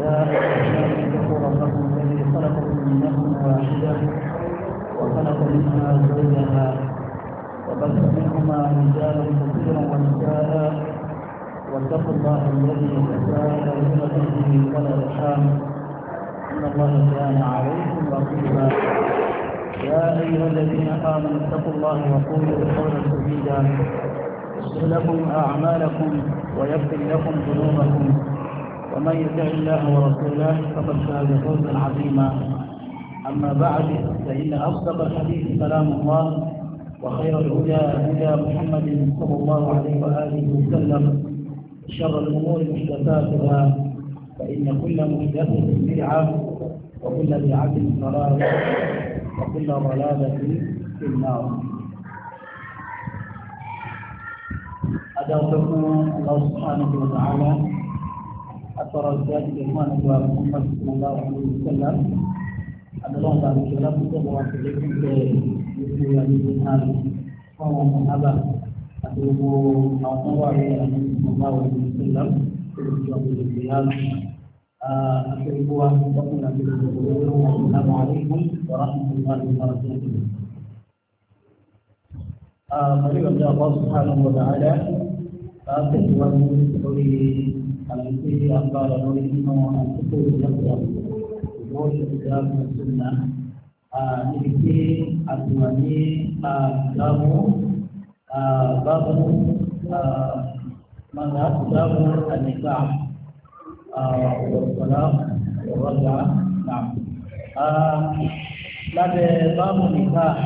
يا اذكروا ربكم الذي خلقكم من نفس واحده وخلق منها زوجها وبث منهما رجالا كثيرا ونساء واتقوا الله الذي تساءلون به والارحام ان الله كان عليكم رقيبا يا ايها الذين امنوا اتقوا الله وقولوا قولا سديدا يصلح لكم اعمالكم ويغفر لكم ذنوبكم ومن يطع الله ورسوله فقد فاز فوزا عظيما أما بعد فإن أصدق الحديث كلام الله وخير الهدى هدى محمد صلى الله عليه وآله وسلم شر الأمور محدثاتها فإن كل محدثة بدعة وكل بدعة ضلالة وكل ضلالة في النار Allah الله سبحانه وتعالى Atau ìgbàlódé ìlú àná ìgbà muhammad sallallahu alayhi ah, ah, wa sallam adọlọ́n bá mi kẹlá tó tẹ̀wọ́ wá sílé fún bẹ́ẹ̀ lóṣù àdéhùn náà fún àwọn ọmọ náà àti gbogbo àwọn tó wà ní àná sallallahu alayhi wa sallam tó lè jọ àbúrò ìgbéyàwó àti gbogbo wa lọ́kùnrin àti gbogbo olówó assalamu alaykum التي أقال له أنه الكفر الأكبر وهو الكتاب والسنة نبكي أدواني أقدام باب ماذا أقدام النكاح والطلاق والرجعة نعم lábẹ́ báàmù nìkan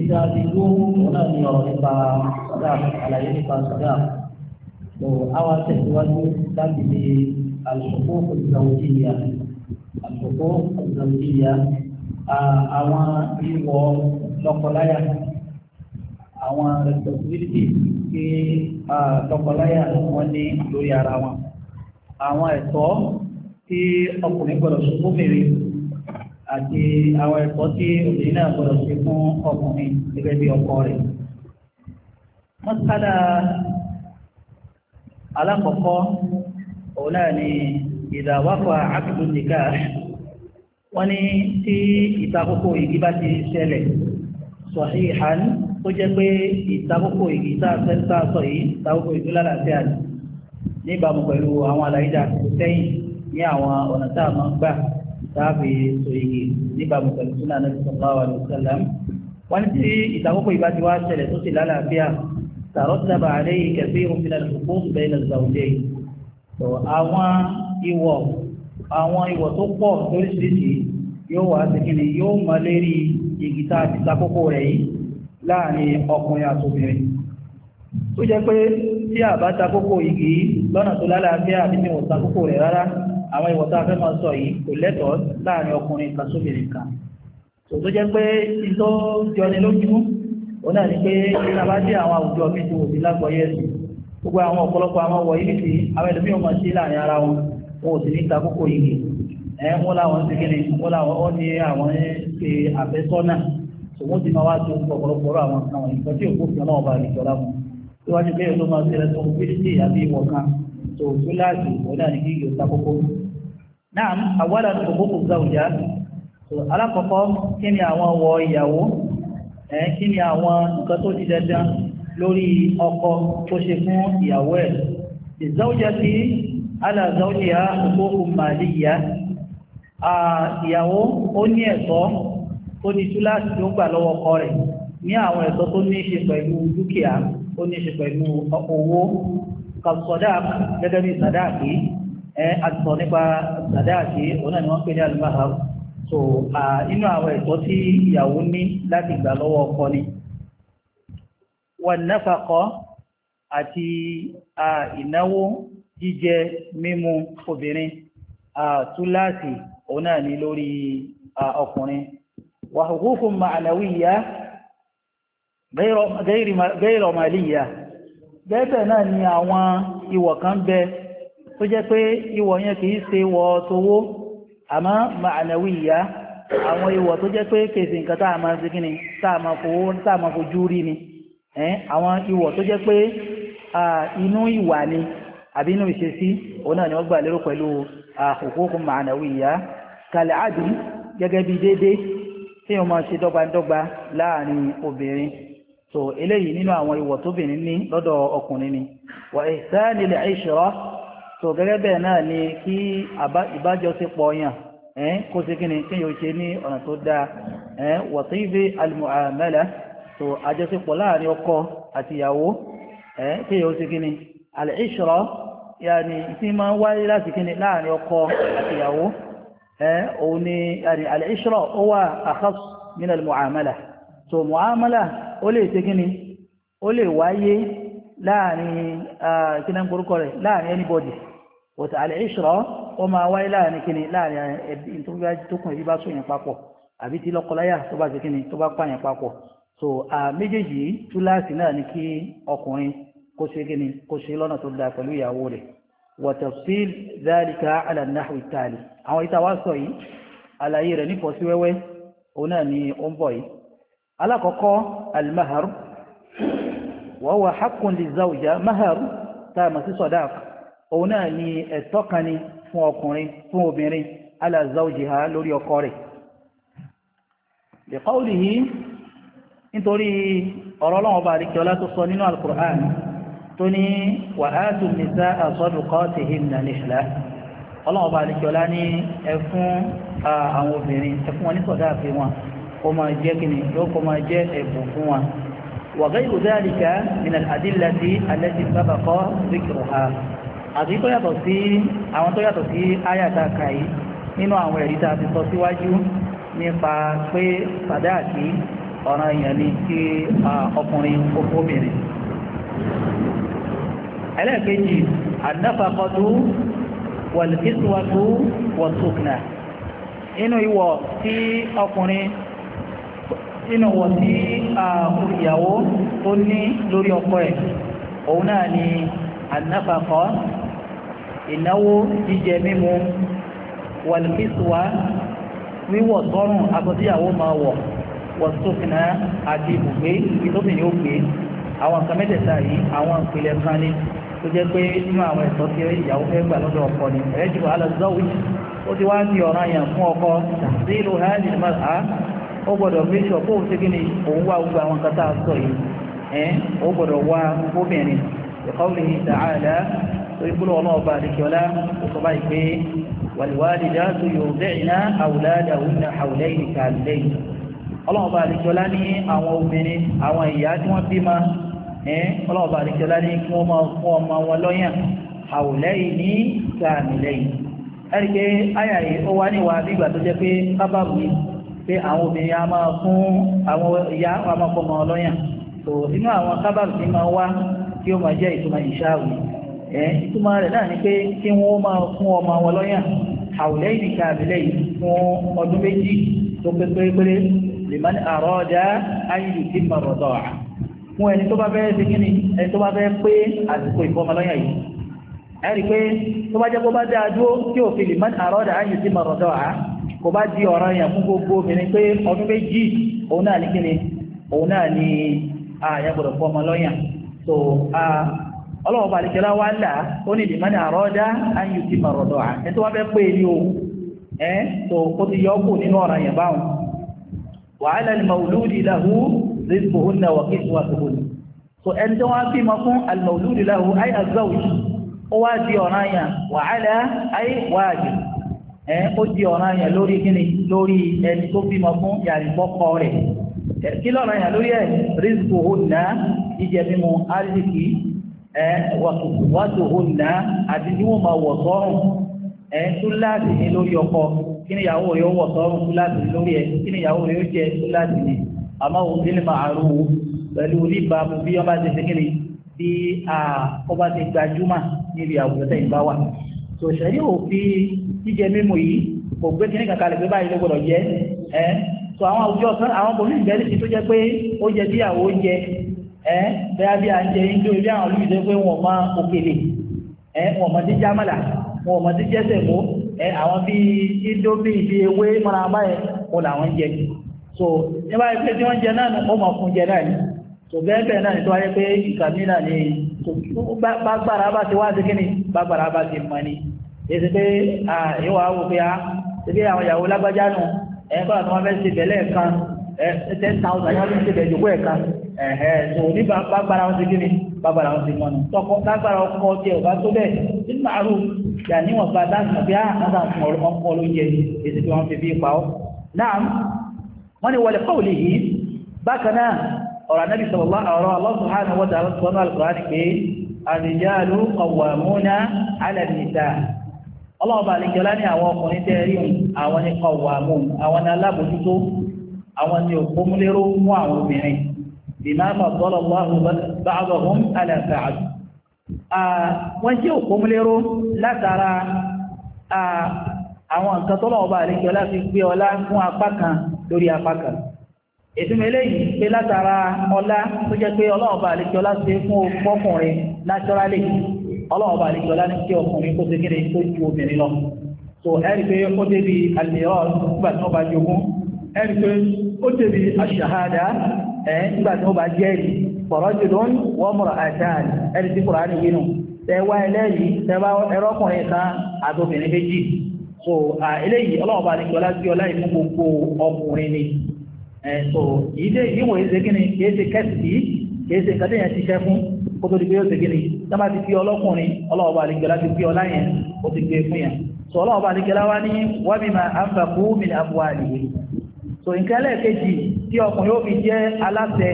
ìdá àdìgbò òun náà ní ọ̀rọ̀ nípa sọ̀dá àlàyé nípa sọ̀dá tó àwọn tẹ̀síwájú láti lè àlùkò òdìdàwòdìyà àlùkò òdìdàwòdìyà àwọn ìwọ lọ́kọláya àwọn responsibility kí lọ́kọláya wọn ní lórí ara wọn àwọn ẹ̀tọ́ tí ọkùnrin gbọ́dọ̀ sọ fún mèrè àti àwọn ẹ̀kọ́ tí obìnrin náà gbọ́dọ̀ ṣe fún ọkùnrin gẹ́gẹ́ bí ọkọ rẹ̀. mọ́sálà alákọ̀ọ́kọ́ òun náà ni ìdàwáfà àkùdù nìkà wọ́n ní tí ìtakókò igi bá ti ṣẹlẹ̀ sahihan tó jẹ́ pé ìtakókò igi tá a fẹ́ sá sọ yìí ìtakókò igi lálàáfíà níbàámu pẹ̀lú àwọn àlàyé dà sẹ́yìn ní àwọn ọ̀nà tá a máa ń gbà táàbì sòyìnì níbàámu pẹ̀lú súnà náà sallallahu alaihi wasallam wọ́n ti ìtàkókò ìbájú wa ṣẹlẹ̀ tó ti lálàáfíà tàrọ́tàbà àlẹ́ ìkẹfẹ́ ìhùnfìlà ìfòkóòtù bẹ́ẹ̀ lọ sàwùjẹ́ tó àwọn ìwọ̀ àwọn ìwọ̀ tó pọ̀ lóríṣiríṣi yóò wá sí kíni yóò mọ lérí igi tá a ti takókò rẹ̀ yìí láàrin ọkùnrin àtòbìnrin tó jẹ́ pé tí a bá takókò igi lọ́nà tó lálàáfíà àbí mi ò takókò rẹ̀ rárá àwọn ìwọ̀ tá a fẹ́ máa sọ yìí kò lẹ́tọ̀ọ́ láàrin ọkùnrin kan sóbìnrin kan tó tó jẹ́ pé ìtọ́ jọni lójú òun náà ni pé ìtaba dé àwọn àwùjọ mi tó òsì lágbọ̀ọ́yé ẹ̀sìn gbogbo àwọn ọ̀pọ̀lọpọ̀ àwọn wọ̀nyí nìsí àwọn ẹlòmíràn máa ṣe láàrin ara wọn wọn ò sì ní takókò yìí ẹ̀ wọ́n láwọn ń segin ní wọ́n láwọn ó ní àwọn ṣe àfẹ́sọ́nà tòun ti máa wá tó ọ̀pọ̀lọpọ̀ àwọn àwọn ìfẹ́ òkú fún ọlọ́ọ̀bà ìjọba mu tí wọ́n ti bẹ́ẹ̀ ló máa ṣẹlẹ̀ tó ń pè sí àbí ìwọ̀ kan tó tó láàjù òun náà ní kí yóò takókò náà àwọ́lá òkúkú záwùjá alákọ̀ọ́kọ́ kí ni àwọn wọ ìyàwó ẹ̀ kí ni àwọn nǹkan tó ti dandan lórí ọkọ tó ṣe fún ìyàwó ẹ̀ ìzáwùjá sí aláàzáwùjá òkúkú màlíyà ìyàwó ó ní ẹ̀tọ́ tó ní túláàsì tó gbà lọ́wọ́ ọkọ rẹ̀ ní àwọn ẹ̀tọ́ tó ní ṣe pẹ̀lú dúkìá ó ní ṣe pẹ̀lú owó ẹ àtọ̀ nípa sàdáàkì òun náà ni wọ́n pè ní alùbáhà so inú àwọn ẹ̀tọ́ tí ìyàwó ní láti gbà lọ́wọ́ ọkọ ni wà náfàkọ àti ìnáwó jíjẹ mímu obìnrin túláàsì òun náà ni lórí ọkùnrin wà huququ ma'nawiyya ghayra maliya gẹ́gẹ́ náà ni àwọn ìwọ̀ kan bẹ́ẹ̀ tó jẹ́ pé ìwọ̀ yẹn kìí ṣe wọ tówó àmọ́ màánàwí ìyá àwọn ìwọ̀ tó jẹ́ pé kèsì nǹkan tá máa ṣe kíni tá máa fojú rí ni àwọn ìwọ̀ tó jẹ́ pé inú ìwà ni àbí inú ìṣesí òun náà ni wọ́n gbà lérò pẹ̀lú àkókò màánàwí ìyá kàlẹ́ àdì gẹ́gẹ́ bí déédéé tí wọ́n máa ṣe dọ́gbandọ́gba láàrin obìnrin so eléyìí nínú àwọn ìwọ̀ tóbìnrin ní lọ́dọ̀ ọkùnrin ni wà ihsanil ishra so gẹ́gẹ́ bẹ́ẹ̀ náà ni kí ìbájọsípọ̀ yàn ẹ́n kó sí kí ni kí yóò ṣe ní ọ̀nà tó dáa ẹ́n wàtíìfì almuamala so àjọsípọ̀ láàrin ọkọ àti ìyàwó ẹ́n kí yóò sí kí ni alìṣọ́rọ̀ yàní tí máa ń wáyé láti kí ni láàrin ọkọ àti ìyàwó ẹ́n òun ni yàní alìṣọ́rọ̀ ó wà akhas min almuamala so muamala ó lè ṣe kí ni ó lè wáyé láàrin kí náà ń porúkọ rẹ̀ láàrin anybody wọ̀tà àlẹ́ṣọ́ ó máa wáyé láàrin kíni láàrin ẹbí tó bá tó kùn ẹbí bá sún yẹn papọ̀ àbí tí lọ́kọláyà tó bá ṣe kíni tó bá pààyàn papọ̀ so méjèèjì túláàsì náà ni kí ọkùnrin kó ṣe kíni kó ṣe lọ́nà tó dáa pẹ̀lú ìyàwó rẹ̀ wọ̀tà síl dáríkà alànàhù ìtàlì àwọn ìta wá sọ yìí àlàyé rẹ̀ nípọ̀ sí wẹ́wẹ́ òun náà ni ó ń bọ̀ yìí alákọ̀ọ́kọ́ almahar wọ́n òun náà ni ẹ̀tọ́ kan ni fún ọkùnrin fún obìnrin ala zawjiha lórí ọkọ rẹ̀ liqawlihi nítorí ọ̀rọ̀ ọlọ́wọ́n bá àríkẹ́ọlá tó sọ nínú al-Qur'an tó ní wa atu nisaa sadaqatihinna nihla ọlọ́wọ́n bá àríkẹ́ọlá ní ẹ fún àwọn obìnrin ẹ fún àti tó yàtọ̀ sí àwọn tó yàtọ̀ sí ayàtà kàí nínú àwọn ẹ̀rí tá a ti sọ síwájú nípa pé sàdáàkì ọ̀ràn èèyàn ni kí ọkùnrin kókó obìnrin ẹlẹ́ẹ̀kejì àdáfàkọ́tú wàlùkísíwájú wọ̀túknà inú ìwọ̀ tí ọkùnrin inú ìwọ̀ tí ìyàwó tó ní lórí ọkọ ẹ̀ òun náà ni àdáfàkọ́ ìnáwó jíjẹ mímu wàlùkísùwà wíwọ̀ sọ́rùn akọ́tíyàwó máa wọ̀ wọ̀sófinà àti ibùgbé ìtòbìnrin ó awọn àwọn nǹkan yìí àwọn ìpìlẹ̀ kan ní tó jẹ́ pé nínú àwọn tí ìyàwó fẹ́ gbà lọ́dọ̀ ọkọ ni ẹ̀rẹ́ jù alazọ́wì ó ti wá ní fún ọkọ sí ìlú hajj mara ó gbọ́dọ̀ fi sọ pé òun ṣe kí يقولوا الله بارك ولا وصبايك والوالدات يرضعن أولادهن حولين كاملين الله بارك ولا ني àwọn obìnrin àwọn ìyá tí wọ́n bímọ eh الله بارك ولا ni kí wọ́n máa fún ọmọ wọn lọ́yàn حولين كاملين erike aya yìí ó wà ní wa bí ìgbà tó jẹ́ pé sababu ni pé àwọn obìnrin a máa fún máa jẹ́ ìtumọ̀ ìṣáàwì ẹ̀ ìtumọ̀ rẹ̀ náà ni pé kí wọ́n máa fún ọmọ wọn lọ́yàn àwùlẹ̀ ìdíkà àbílẹ̀ yìí fún ọdún méjì tó pé pérépéré lèmọ́ni àrọ́ọ̀dá ayélu ti mọ̀ rọ̀dọ̀ à fún ẹni tó bá fẹ́ ṣe kí ni ẹni tó bá fẹ́ pé àsìkò ìfọmọlọ́yàn yìí ẹ̀rí pé tó bá jẹ́ kó bá dáa dúró tí òfin lèmọ́ni àrọ́ọ̀dá ayélu ti mọ̀ rọ̀dọ̀ à kò bá di ọ̀ràn yẹn fún gbogbo obìnrin pé ọdún méjì òun náà ní kí ni òun náà ní àyàgbọ̀dọ̀ fọmọlọ́yàn so a. Uh, ọlọ́wọ́ bá àdìkẹ́lá wá là ó ní ìdìmọ́ni àrọ́dá ayù ti mà rọ̀dọ̀ à ẹ tó wá fẹ́ pé ní o ẹ tó kó ti yọ kù nínú ọ̀ràn yẹn báwọn wàhálà ni màwùlúùdì làhú rìsìkò ó nà wà kíkù wà tóbó ni so ẹni tó wá fi mọ fún àlùmàwùlúùdì làhú ayé àgbáwì ó wá di ọ̀ràn yẹn wàhálà ayé wáàjì ẹ ó di ọ̀ràn yẹn lórí kíni lórí ẹni tó fi fún yàrá ìfọ́kọ rẹ̀ kí lọ́ràn yẹn lórí ẹ̀ rìsìkò ó nà jíjẹ mímu wàtòhónà àti tí wọ́n máa wọ̀ sọ́rùn ẹ̀ túláàsì ní lórí ọkọ kí ni ìyàwó rẹ̀ ó wọ̀ sọ́rùn túláàsì ní lórí ẹ̀ kí ni ìyàwó rẹ̀ ó jẹ túláàsì ní àmọ́ òun nílẹ̀ máa rú o pẹ̀lú oníbàámu bí ọba ti sẹ́kẹ̀lì bí ọba ti gbajúmọ̀ níbi àwùjọ tẹ̀yìn bá wà. sòṣèlú òfin jíjẹ mímu yìí kò gbé kíní kàkà lè gbé báyìí ló gbọdọ̀ jẹ ẹ́ tó àwọn àwùjọ kan àwọn bòmí ìgbẹ́lì ẹ bẹ́ẹ̀ bí a ń jẹ indo bí àwọn olùdíje pé wọ́n mọ òkèlè ẹ wọ́n mọ ti jámàlà wọ́n mọ ti jẹ́sẹ̀ mú ẹ àwọn bí indomie bí ewé mọ́ra báyẹn kó làwọn jẹ so ní báyìí pé tí wọ́n jẹ náà ó mọ̀ fún jẹ náà ni so bẹ́ẹ̀ bẹ́ẹ̀ náà ni tó pé ìkàmí náà ni gbàgbára bá ti wá sí kíni gbàgbára bá ti mọ ni èsì pé ìwà awò pé a ah, ti bí àwọn ìyàwó lágbájá nù ẹ̀ ń fẹ́ ṣe bẹ̀lẹ̀ kan ẹ̀ ten thousand yẹn wọ́n fi ń ṣe bẹ̀jọ̀ ẹ̀hẹ́ tó ní bàgbára wọn ti gíní bàgbára wọn ti mọ́nu tọkọ bàgbára ọkọ tí ẹ̀ bá tó bẹ́ẹ̀ ní màálù yà níwọ̀n bá dáhùn bí àwọn àwọn ọmọ ọkọ ló yẹ èsì tí wọ́n fi bí ipa ọ́. náà wọ́n ní wọlé kọ́ọ̀lì yìí bákan náà ọ̀rọ̀ anábì sọ̀rọ̀ ọ̀rọ̀ Allah subhanahu wa ta'ala sọ̀rọ̀ al-Qur'an pé ar-rijalu qawwamuna 'ala an-nisaa ọlọ́ọ̀bà àlejòlá ní àwọn ọkùnrin tẹ́ rí òun àwọn ní qawwamun àwọn ní alábòjútó àwọn ní òpómúlérò mú àwọn obìnrin bima فضل الله بعضهم على بعض. wọ́n jẹ́ òkúnlérò látara àwọn nǹkan tó lọ́wọ́ bá àríkẹ́ ọlá fi gbé ọlá fún apá kan lórí apá kan ìtumọ̀ eléyìí pé látara ọlá tó jẹ́ pé ọlọ́wọ́ bá àríkẹ́ ọlá ṣe fún ọkùnrin naturally ọlọ́wọ́ bá àríkẹ́ ọlá kí ọkùnrin ẹ̀ nígbà tí wọ́n bá jẹ́rìí fọ̀rọ̀jù ló ń wọ́n mọ̀rọ̀ àṣàn ẹni tí kùrọ̀ ní yínú tẹ́wá ẹlẹ́rìí tẹ́wá ẹrọ́kùnrin kan àtòbìnrin méjì so eléyìí ọlọ́run bá ní kí ọlá sí ọlá ìfún gbogbo ọkùnrin ni so ìdè ìwọ̀n èsè kí ni kì í ṣe kẹ́sì kì í ṣe nǹkan téèyàn ti ṣẹ́ fún kó tó di pé yóò ṣe kí ni ti fi ọlọ́kùnrin ọlọ́run bá ní kí ọlá ti fi ọlá yẹn ó ti gbé fún yẹn so ọlọ́run bá ní kí ọlá wá ní wábìmọ̀ àǹfààkú mi ní àbúwá àdìyẹ so nǹkan ẹlẹ́ẹ̀kejì tí ọkùnrin yóò fi jẹ́ aláṣẹ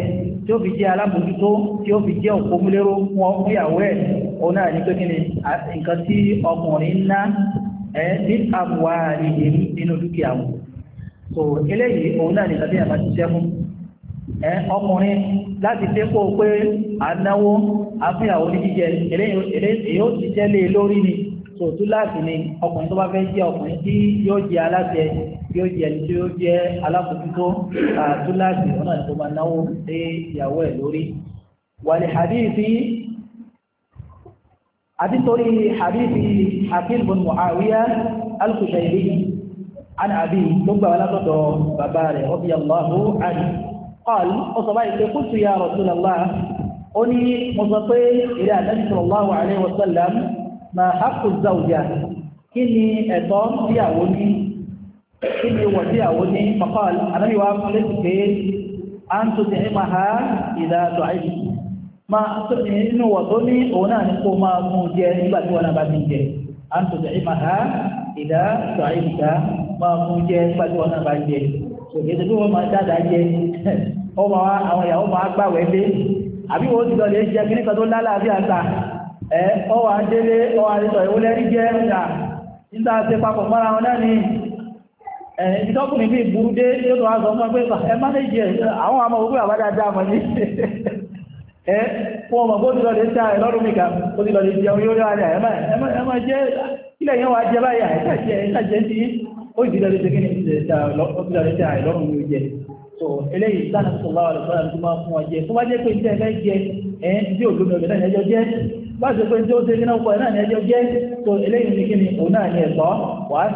tí ó fi jẹ́ alábòjútó tí ó fi jẹ́ òpómúlérò fún ọkùnrin ìyàwó ẹ̀ òun náà ní pé kí ni nǹkan tí ọkùnrin ń ná ẹ ní àbúwá àlejò nínú dúkìá wọn so eléyìí òun náà nìkan tí yàrá ti sẹ́kún ẹ ọkùnrin láti dépò pé ànáwó àfihàn oníjíjẹ eléyìí yóò ti jẹ́ lé e lórí ni tòótú láti ní ọkùnrin tó bá fẹ́ jẹ́ ọkùnrin tí yóò jẹ́ aláṣẹ yóò jẹ́ ẹni tí yóò jẹ́ alábòójútó tòótú láti ọ̀nà tó máa náwó lé ìyàwó ẹ̀ lórí. wàlẹ̀ hadithi àtìtòrí hadithi akil bin muawiya al-kushayri abi tó gbà wọn látọ̀dọ̀ bàbá rẹ̀ ọ̀bí allahu ali qal ọ̀sọ̀ báyìí pé kútu ya rasulallah ó ní mo sọ pé ìrẹ́ àdájú sallallahu alayhi wa sallam ma haqqu zawja kí ni ẹ̀tọ́ tíyàwó ní kí ni wọ̀ tíyàwó ní maqal anáyíwá fún lẹ́sì pé a ń tó tẹ̀lé ma ha ìdá tó àìsí ma tó ní inú wọ̀ tó ní òun náà ní kó máa mú jẹ nígbà tí wọn náà bá ti jẹ a ń tó tẹ̀lé ma ha ìdá tó àìsí máa mú jẹ nígbà tí wọn náà bá jẹ òkè tó bí wọn máa dáadáa jẹ ọmọ àwọn ìyàwó máa gbàwẹ́ dé àbí wọn ti lọ lè jẹ kíníkan tó lálàáfíà ta ọwà délé ọwà àdìsọ ìwúlẹ̀ jẹ́ ọjà papọ̀ mọ́ra wọn náà ni dé tó ẹ má lè jẹ àwọn àmọ́ òkú àbájá dá ní ẹ fún ọmọ bó ti lọ lè ẹ lọ́rùn mi kan ó ti lọ lè jẹun yóò ẹ má ilẹ̀ yẹn ni mi bá ṣe pé tí ó ṣe iná pọ̀ náà ni ẹjọ́ jẹ́ tó eléyìí ní kíni òun náà ni ẹ̀tọ́ wà á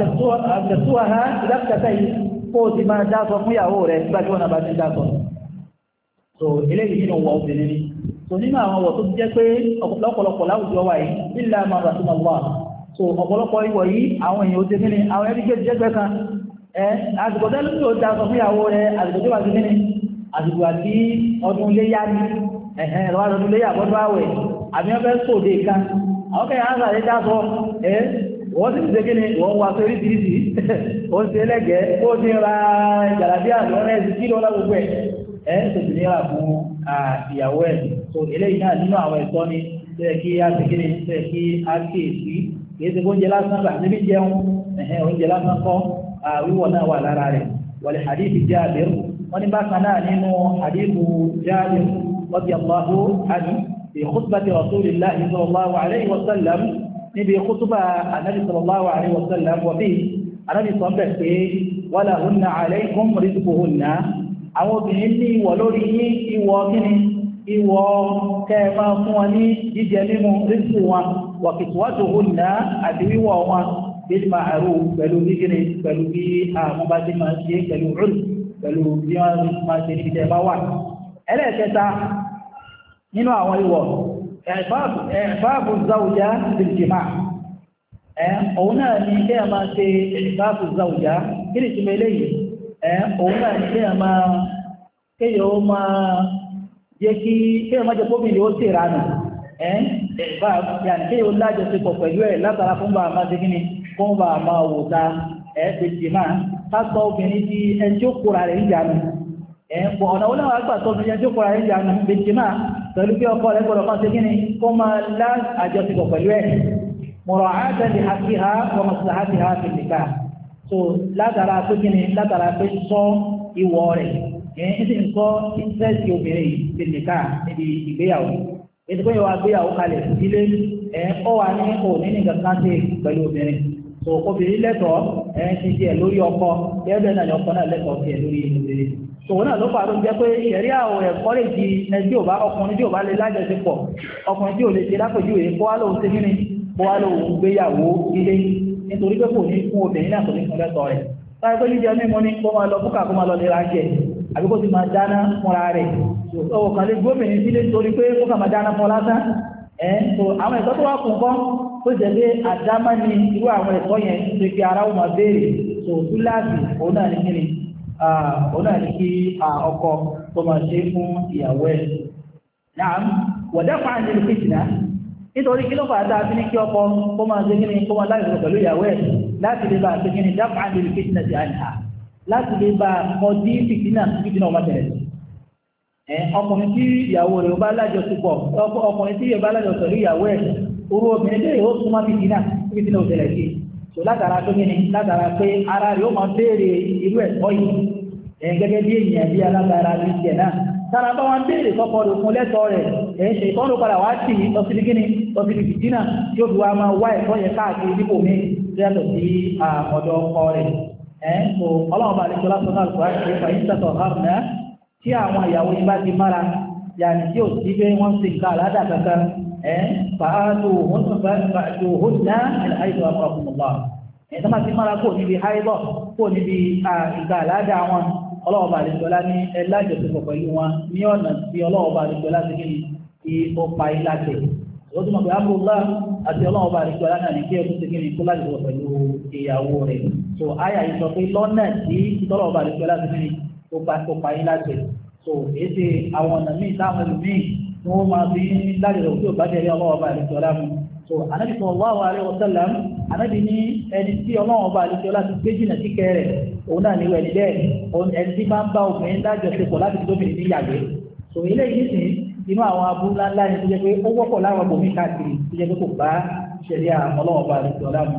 tẹ̀sùn àhá ìdákàtà yìí kó o ti máa dáṣọ fún ìyàwó rẹ̀ nígbà tí wọ́n náà bá ti dáṣọ tó eléyìí nínú wọ obìnrin ni tó nínú àwọn ọ̀wọ̀ tó jẹ́ pé ọ̀pọ̀lọpọ̀ láwùjọ wa yìí nílà máa rà so ọ̀pọ̀lọpọ̀ ìwọ̀ yìí àwọn èèyàn ó ti kíni àwọn ẹbí gbé jẹ́gbẹ́ kan ẹ àsìkò tẹ́lẹ̀ tí ó dáṣọ fún ìyàwó rẹ̀ àsìkò tí wà sí kíni àsìkò àti ọdún iléyà ni ẹ̀hẹ́n lọ́wọ́ ọdún àbí wọ́n fẹ́ sóde kan àwọn kẹ́yìn á sàlẹ̀ dáṣọ ẹ́ wọ́n sì ṣe kí ni wọ́n wá sórí tìrìtì ó ń ṣe lẹ́gẹ̀ẹ́ ó ti ra jàlábíà lọ́rẹ́ sí kí lọ́la gbogbo ẹ̀ ẹ́ tó ti ní ra fún ìyàwó ẹ̀ tó eléyìí náà nínú àwọn ẹ̀tọ́ ni bẹ́ẹ̀ kí á ti kí ni bẹ́ẹ̀ kí á kí èsì kì í oúnjẹ lásán gbà níbi jẹun oúnjẹ lásán kọ́ wíwọ̀ náà wà lára rẹ̀ wal hadith Jabir wọ́n ní bákan náà nínú hadith Jabir radiyallahu anhu في خطبة رسول الله صلى الله عليه وسلم نبي خطبة النبي صلى الله عليه وسلم وفيه النبي صلى الله عليه وسلم ولهن عليكم رزقهن àwọn obìnrin ní ìwọ̀ lórí ní ìwọ̀ kíni ìwọ̀ kẹfà fún wọn ní jíjẹ mímu rísù wọn wàkìtìwátò hùn náà àti wíwọ̀ wọn bíi màárù pẹ̀lú gígìrì pẹ̀lú bí àwọn bá ti máa ṣe pẹ̀lú rúù pẹ̀lú bí wọ́n máa ṣe níbi tẹ́ bá wà. ẹlẹ́ẹ̀kẹta nínú àwọn ìwọ̀ ẹ̀fáàbù záwùjá bìlìjìmá ẹ̀ òun náà ní kí a máa ṣe ẹ̀fáàbù záwùjá kí ni túnmọ̀ eléyìí ẹ̀ òun náà ní kí a máa kéyọ̀ ó máa jẹ́ kí kéyọ̀ máa jẹ́ kóbìnrin ó sì ránù ẹ̀ ẹ̀fáàbù yàní kéyọ̀ ó lájọsípọ̀ pẹ̀lú ẹ̀ látara fún bàá máa ṣe kí ni fún bàá máa wò ta ẹ̀ bìlìjìmá ká sọ pẹ̀lú pé ọkọ rẹ̀ gbọ́dọ̀ kan ṣe kí ni kó máa lá àjọṣepọ̀ pẹ̀lú ẹ̀ mọ̀rọ̀ àádọ́lẹ̀ àti ha ọmọ sí àti ha fi nìka so látara pé kí ni látara pé sọ ìwọ rẹ̀ ẹ̀yìn sì ń kọ́ íńtẹ́sì obìnrin fi nìka níbi ìgbéyàwó ètò pé wàá gbéyàwó kalẹ̀ ilé ẹ̀ ọ wà ní òní nìkan kan ṣe pẹ̀lú obìnrin so obìnrin lẹ́tọ̀ọ́ ẹ̀ ti di ẹ̀ lórí ọkọ bẹ́ẹ̀ bẹ́ẹ̀ náà ni ọkọ náà lẹ́tọ̀ọ́ ti ẹ̀ lórí obìnrin òun náà ló fà ló ń jẹ́ pé ìṣẹ̀rí àwọn ẹ̀kọ́ lè di ẹgbẹ́ òbá ọkùnrin tí ò bá lè lájọṣepọ̀ ọkùnrin tí ò lè ṣe lápèjúwe kó wá lóun ṣe nínú kó wá lóun gbéyàwó ilé nítorí pé kò ní fún obìnrin náà kò ní fún lẹ́tọ̀ọ́ rẹ̀ táyé pé jíjẹ mímu ni kó máa lọ búkà kó máa lọ lera jẹ àbí kó ti máa dáná fúnra rẹ̀ òun kàn lè gómìnà sílé torí pé kó kà máa dáná fún lásán ẹ̀ tó àwọn ẹ̀tọ́ tó wà kún kọ́ tó tẹ̀lé àdámá ni irú àwọn ẹ̀tọ́ yẹn tó fi ara wọn béèrè tó túláàsì òun náà ní kíni òun ọ na ọkọ tó máa ṣe fún ìyàwó ẹ̀ náà wọ̀dá fún àjẹ́ ìpìtìnà nítorí kí ló fà á tá a fi ní kí ọkọ kó máa ṣe kíni kó máa láì pẹ̀lú ìyàwó ẹ̀ láti lè bá ṣe kíni dáfà láti lè bá dí ọmọ tẹ̀lẹ̀ ẹ ọkùnrin tí ìyàwó rẹ̀ bá ọkùnrin tí ìyàwó bá ìyàwó ẹ̀ orú obìnrin ó súnmọ́ ò tẹ̀lẹ̀ sí so látara tó kí ni látara pé ara rẹ̀ ó máa béèrè irú ẹ̀kọ́ yìí ẹ̀yìn gẹ́gẹ́ bí ènìyàn bí alágbára bí tiẹ̀ náà tára bá wọn béèrè sọ́kọ òkun lẹ́tọ̀ọ́ rẹ̀ ẹ̀yìn ṣe ìtọ́nù padà wá sí i lọ́sídìí kí ni lọ́sídìí fìdínà tí ó fi wá máa wá ẹ̀kọ́ yẹn káàkiri dípò mi yàtọ̀ sí ọ̀dọ̀ ọkọ rẹ̀ ẹ̀ kò ọlọ́run bá lè sọ lásán náà lọ́wọ́ àti ìfà yìí sẹ́tọ̀ ọ̀hún náà tí àwọn ìyàwó yìí bá ti mára yàtì tí ò sí pé wọ́n ti ń ka àládà kankan ẹ̀ فآتوهن الحيض أمركم الله ẹ̀tọ́ máa ti mára kó níbi haibọ̀ kó níbi ìgbà àlájá wọn ọlọ́ọ̀bà àdìsọ́lá ní ẹlájọsọ̀pọ̀ pẹ̀lú wọn ní ọ̀nà tí ọlọ́ọ̀bà àdìsọ́lá ti kí ni kí ó pa ilá tẹ̀. abúlá àti ọlọ́ọ̀bà àdìsọ́lá náà ní kí ẹkún ti kí ni kó pẹ̀lú ìyàwó rẹ̀. so aya yìí pé lọ́nà tí ọlọ́ọ̀bà àdìsọ́lá ti kí ni kó pa ilá tẹ̀. so àwọn ọ̀nà míì táwọn ẹlòmíì wọ́n máa fi láti rẹ̀ òkú òbá jẹ́rí ọlọ́wọ́ bá àlejò ọlá mu so anabi sallallahu alaihi wasallam anabi ní ẹni tí ọlọ́wọ́ bá àlejò ọlá ti gbé jìnà kíkẹ́ rẹ̀ òun náà níwẹ̀ ní bẹ́ẹ̀ ẹni tí máa ń bá obìnrin lájọṣepọ̀ láti fi ní yàgbé so eléyìí nísìnyí inú àwọn aburú ńláńlá ni tó jẹ́ pé ó wọ́pọ̀ láwọn bòmí káàkiri tó jẹ́ pé kò bá ṣẹlẹ̀ ọlọ́wọ́ bá àlejò ọlá mu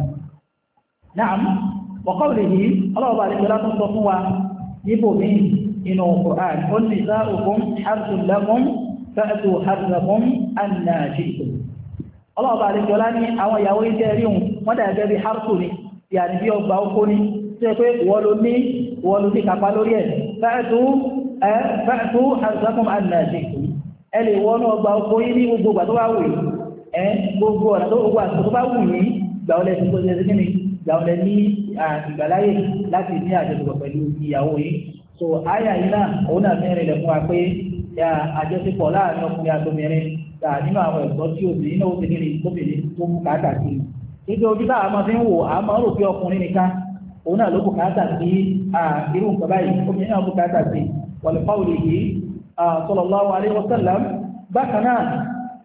naam wọ́kọ̀wé yìí ọlọ́wọ́ bá àlejò fẹ́ẹ̀tù hàrùnàkùn ànàṣìṣò ọlọ́ọ̀bà àlejòlá ní àwọn ìyàwó iṣẹ́ ríhùn wọ́n dà gẹ́gẹ́ bí hàrùsù ni ìyàní bí ọgbà oko ni tí ó pé wọ́n ló ní wọ́n ló ní kápá lórí ẹ̀ fẹ́ẹ̀tù hàrùnàkùn ànàṣìṣò ẹ lè wọ́n ọgbà oko yìí ní gbogbo ìgbà tó bá wù ẹ gbogbo ọ̀nà tó gbogbo àtúntò tó bá wù yìí gbà ọ tó ṣe sí kíni gbà ọ ní ìgbàláyè láti ní àjọṣepọ̀ pẹ̀lú ìyàwó yìí so àyà yìí náà òun náà fẹ́rẹ̀ lẹ̀ fún wa pé ya àjọṣepọ̀ láàrin ọkùnrin àtòmìnrin ta nínú àwọn ẹ̀tọ́ tí obìnrin náà ti nílé tóbìnrin tó mú kàtà sí i ibi ojú bá a máa fi ń wò a máa rò pé ọkùnrin nìkan òun náà ló bù kàtà sí irú nǹkan báyìí obìnrin náà bù kàtà sí wàlẹ̀ fáwọlì yìí sallallahu alaihi wasallam bákan náà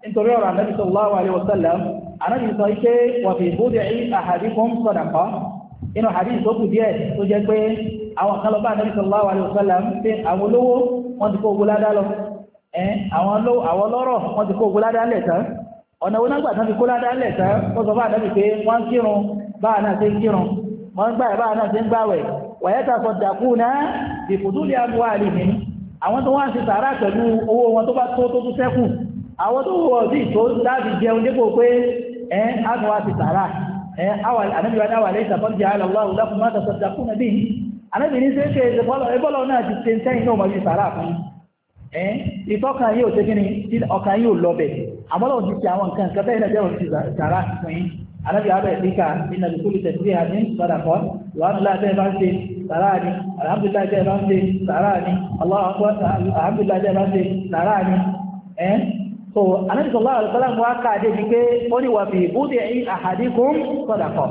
nítorí ọ̀rọ̀ ànábì sallallahu alaihi wasallam ànábì sọ pé wà fi bóde ahadikum sadaqa inú hadith tó díẹ̀ tó jẹ́ pé àwọn kan lọ bá ànábì sallallahu alaihi wasallam pé àwọn olówó wọ́n ti kó ogun ládá lọ ẹ́ àwọn lọ́rọ̀ wọ́n ti kó ogun ládá lẹ̀ tán ọ̀nà wọn náà gbà tán ti kó ládá lẹ̀ tán wọ́n sọ fún àdábì pé wọ́n ń kírun báwa náà ṣe ń kírun wọ́n ń gbà báwa náà ṣe ń gbàwẹ̀ wàyẹ́ta sọ dàkú náà ìfòtú lè agbó àlè mi àwọn tó wá ń ṣe sàárà pẹ̀lú owó wọn tó bá tó tó tún sẹ́kù àwọn tó wọ̀ sí ìtò láti jẹun dépò pé ẹ́ á tún wá ṣe sàárà àwọn àdábì wa náà àlọ́ anábìnrin ṣe é ṣe ẹbọ́lọ̀ náà ti ṣe sẹ́yìn náà mọ̀jú sàárà fún ẹ́ ìtọ́kàn yóò ṣe kíni tí ọkàn yóò lọ́bẹ̀ àmọ́lọ̀ ti ṣe àwọn nǹkan nǹkan bẹ́ẹ̀ náà jẹ́wọ̀n sàárà fún yín anábì abẹ́ ìdíkà nínú ìkúlù tẹ̀sí àmì sọ́dàkọ́ ìwádìí bá ń ṣe sàárà ni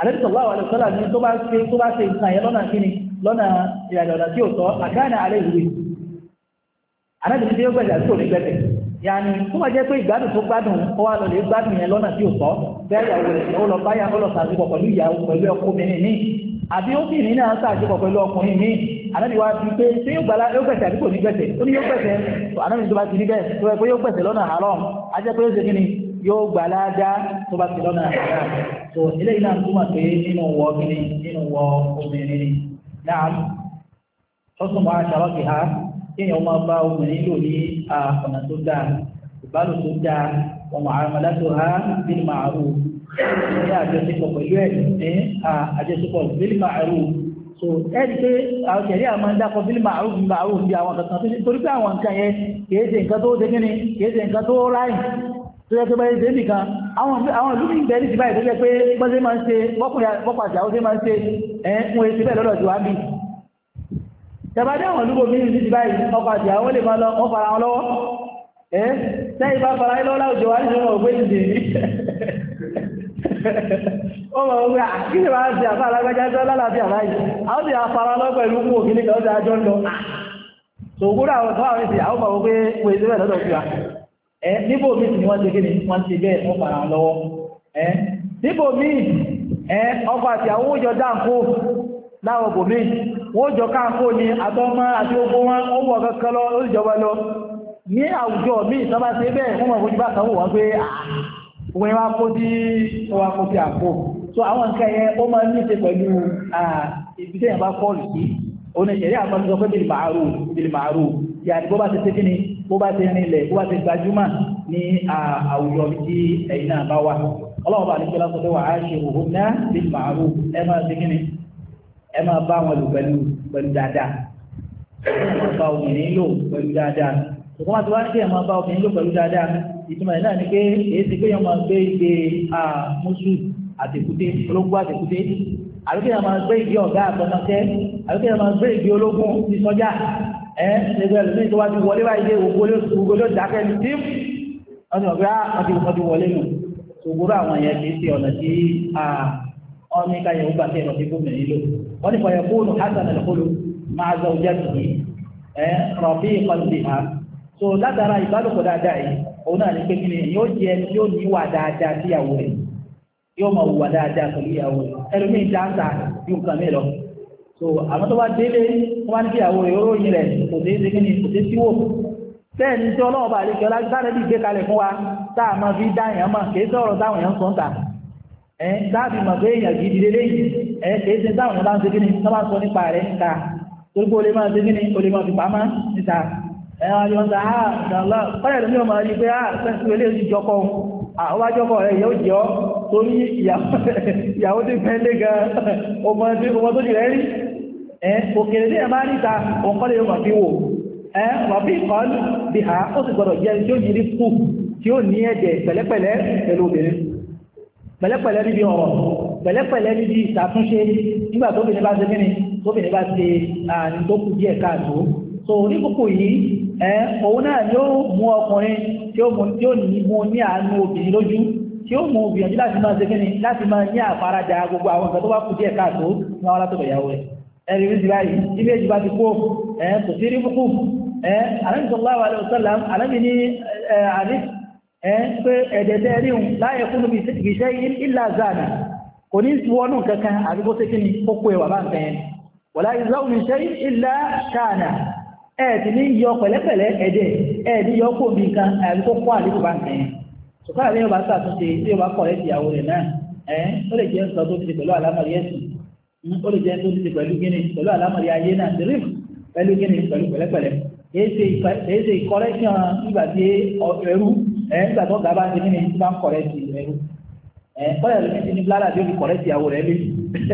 àdẹ́sí sọ̀láwà lè sọ́là ní tó bá ṣe tó bá ṣe nǹkan yẹn lọ́nà kíni lọ́nà ìyàdọ̀ ọ̀nà tí ó sọ àkáàna alẹ́ ìwé àdẹ́sí tí ó gbẹ̀dẹ̀ àti òní gbẹ̀dẹ̀ yàní tó bá jẹ́ pé ìgbádùn tó gbádùn ó wà lọ́lẹ̀ gbádùn yẹn lọ́nà tí ó sọ bẹ́ẹ̀ ìyàwó rẹ̀ ó lọ báyà ó lọ sàdúgbò pẹ̀lú ìyàwó pẹ̀lú ọkùnrin ní àbí ó bìnrin náà sàdúgbò pẹ̀lú ọkùnrin ní ànábì wa fi pé ṣé yóò gbàlá yóò gbẹ̀sẹ̀ àbí kò ní gbẹ̀sẹ̀ ó ní yóò gbẹ̀sẹ̀ ànábì tó bá ti ní bẹ́ẹ̀ tó yẹ yóò gbẹ̀sẹ̀ lọ́nà àárọ̀ ajẹ́ pé ṣe kí ni yóò gbà ládàá tó bá ti lọ́nà àgbà tó eléyìí náà túmọ̀ pé nínú wọ kíni nínú wọ obìnrin ni náà ọsùn wọn aṣàrọ̀ kì á kéèyàn máa bá obìnrin lò ní ọ̀nà tó dáa ìbálò tó dáa ọmọ àràmàdá tó há bíi màálù ní àjọṣepọ̀ pẹ̀lú ẹ̀ ní àjọṣepọ̀ bíi màálù so ẹgbẹ́ àwọn kẹ̀rí àwọn dákọ̀ bíi màrún bíi màrún bíi àwọn kankan torí pé àwọn nǹkan yẹn kìí ṣe nǹkan tó dégínì kìí ṣe nǹkan tó ráì tó yẹ pé bá ẹgbẹ́ nìkan àwọn ìlú ìgbẹ́ ní ti báyìí tó yẹ pé bọ́sẹ̀ máa ń ṣe bọ́pọ̀ àti àwọn ṣe máa ń ṣe ẹ̀ ń wọ́n ti bẹ́ẹ̀ lọ́dọ̀ tí wàá bì. tẹ̀bádé àwọn ìlú bòmí ní ti báyìí ọkọ̀ àti àwọn lè máa lọ wọ́n fara wọn lọ́wọ́ ẹ̀ sẹ́yìn bá fara lọ́wọ́ láwùjọ wa nínú ọmọ ògbé ìdè ní. ó mọ̀ wọ́n pé kí ni wàá ṣe àfa alágbájá tó lálàáfíà báyìí àwọn sì afara lọ pẹ̀lú kú òkìní kan ó ti àjọ ń lọ. sòwúrò àwọn tó àwọn ìsìn àwọn mọ̀ wọ́n pé wọ́n ti bẹ́ẹ̀ lọ́dọ̀ tí wa. ẹ níbo mi ni wọ́n ṣe kí ni wọ́n ṣe bẹ́ẹ̀ wọ́n fara lọ́wọ́ ẹ níbo mi ẹ àti àwọn òjò láwọn mí wọ́n jọ káàkó ni àtọ́mọ́ àti ogun wọn ó kankan lọ ó sì jọba lọ ní àwùjọ mi ìsọ́bá ṣe bẹ́ẹ̀ wọ́n mọ̀ fojú pé òun kó sí kó sí àpò so àwọn nǹkan yẹn ó máa ní ṣe yàtí bó bá ti ṣe kíni bó bá ti rinlẹ̀ bó bá ti gbajúmọ̀ ní àwùjọ tí ẹ̀yin náà bá wà ọlọ́run bá ní kí lọ́sọ̀ pé wà á ṣe òhun náà bí màálù ẹ máa ṣe kíni ẹ máa bá wọn lò pẹ̀lú pẹ̀lú dáadáa ẹ máa bá obìnrin lò pẹ̀lú dáadáa òkú wọn ti wá ní kí máa bá obìnrin lò pẹ̀lú dáadáa ìtumọ̀ ẹ̀ náà ni pé èyí ti pé yẹn máa gbé ìgbé mùsù àtẹ̀kúté ológun àtẹ̀kúté àbíkẹ́ yẹn máa gbé ìgbé ọ̀gá àtọ̀nàtẹ́ àbíkẹ́ yẹn máa gbé ìgbé ológun ti sọ́jà ẹ́ ẹgbẹ́ ẹ̀lú tó wá ti wọlé báyìí dé ògbó ló dákẹ́ ní tí wọ́n ti wọ́n pé wọ́n ti wọlé nù ògbóró àwọn yẹn kì í ṣe ọ̀nà tí wọ́n ní káyọ̀ ó gbà so látara ìbálòpọ̀ dáadáa yìí òun náà ní pé kí ni yóò jẹ yóò ní wà dáadáa síyàwó rẹ̀ yóò máa wà dáadáa pẹ̀lú ìyàwó rẹ̀ ẹlòmíì yóò kàn mí lọ so àmọ́ tó bá délé wọ́n bá ní kí ìyàwó rẹ̀ yóró yin rẹ̀ kò sí ṣe kíni kò sí síwò bẹ́ẹ̀ ni tí ọlọ́run bá lè kí ọlá sáré bí gbé kalẹ̀ fún wa tá a máa fi dá èèyàn mọ̀ kì í sọ̀rọ̀ táwọn èèyàn ń sọ̀ǹtà ẹ̀ dáàbì mọ̀ pé èèyàn gidi lélẹ́ yìí ẹ̀ kì í ṣe táwọn èèyàn bá ń ṣe kíni tó bá sọ nípa rẹ̀ níta torí pé o lè máa ṣe kíni o lè máa fi pamọ́ níta ẹ̀ wọ́n yọ ọ́nà ah àwọn ajọ́kọ̀ ah, rẹ̀ yóò ọmọ tó ti rẹ̀ rí òkèrè ní ẹ̀má níta òǹkọ́lẹ̀ yóò fi wò wàbí ìkọlù bí a ó sì gbọdọ̀ jẹ́ tí ó ní rí kú tí ó ní ẹ̀jẹ̀ pẹ̀lẹ́pẹ̀lẹ́ pẹ̀lú obìnrin pẹ̀lẹ́pẹ̀lẹ́ níbi ọ̀rọ̀ pẹ̀lẹ́pẹ̀lẹ́ níbi ìṣàtúnṣe nígbà tó bìnrin bá ṣe mìíní tó bìnrin bá ṣe àrùn tó kù díẹ̀ káàtó so oníkùkù yìí òun náà yóò mú ọkùnrin tí ó mú ní àánú obìnrin lójú tí ó mú gbìyànjú láti máa ṣe mìíní láti máa ní àfaradà gbogbo àwọn nǹkan tó bá kù díẹ̀ káàtó ní àwọn alátọ̀bẹ̀yàwó rẹ̀ ẹ̀rí ní ti báyìí ibi èjì bá ti kó ẹ̀ kò sí rí fúkú ẹ̀ aláìsọ̀láwà aláìsọ̀láwà aláìsọ̀láwà ní àríf ẹ̀ pé ẹ̀dẹ̀ tẹ́ rí un láyé fún mi ìṣe ìlà zàdà kò ní wọnú kankan àbí bó tẹ́kí ni kókó ẹwà bá ń fẹ́ wọ́n láyé záwọn ìṣe ìlà kàànà ẹ̀ ti ní yọ pẹ̀lẹ́pẹ̀lẹ́ ẹ̀dẹ̀ ẹ̀ ní yọ kó mi kan àbí kókó àdínkù bá ń fẹ́ ṣùgbọ́n àlẹ́ yóò bá sàtúnṣe tí yóò bá kọ̀ Hmm, ó lè jẹ́ tó ti ṣe pẹ̀lú gíní pẹ̀lú àlámọ̀rí ayé náà ti rìn pẹ̀lú gíní pẹ̀lú pẹ̀lẹ́pẹ̀lẹ́ èyí ṣe ìkọ́rẹ́ṣàn nígbà tí ẹrú ẹ̀ nígbà tó gàba ti gíní tí wọ́n kọ̀rẹ́ṣì ẹrú ẹ̀ bọ́yà lómi ti ní blára tí ó fi kọ̀rẹ́ṣì ìyàwó rẹ̀ lé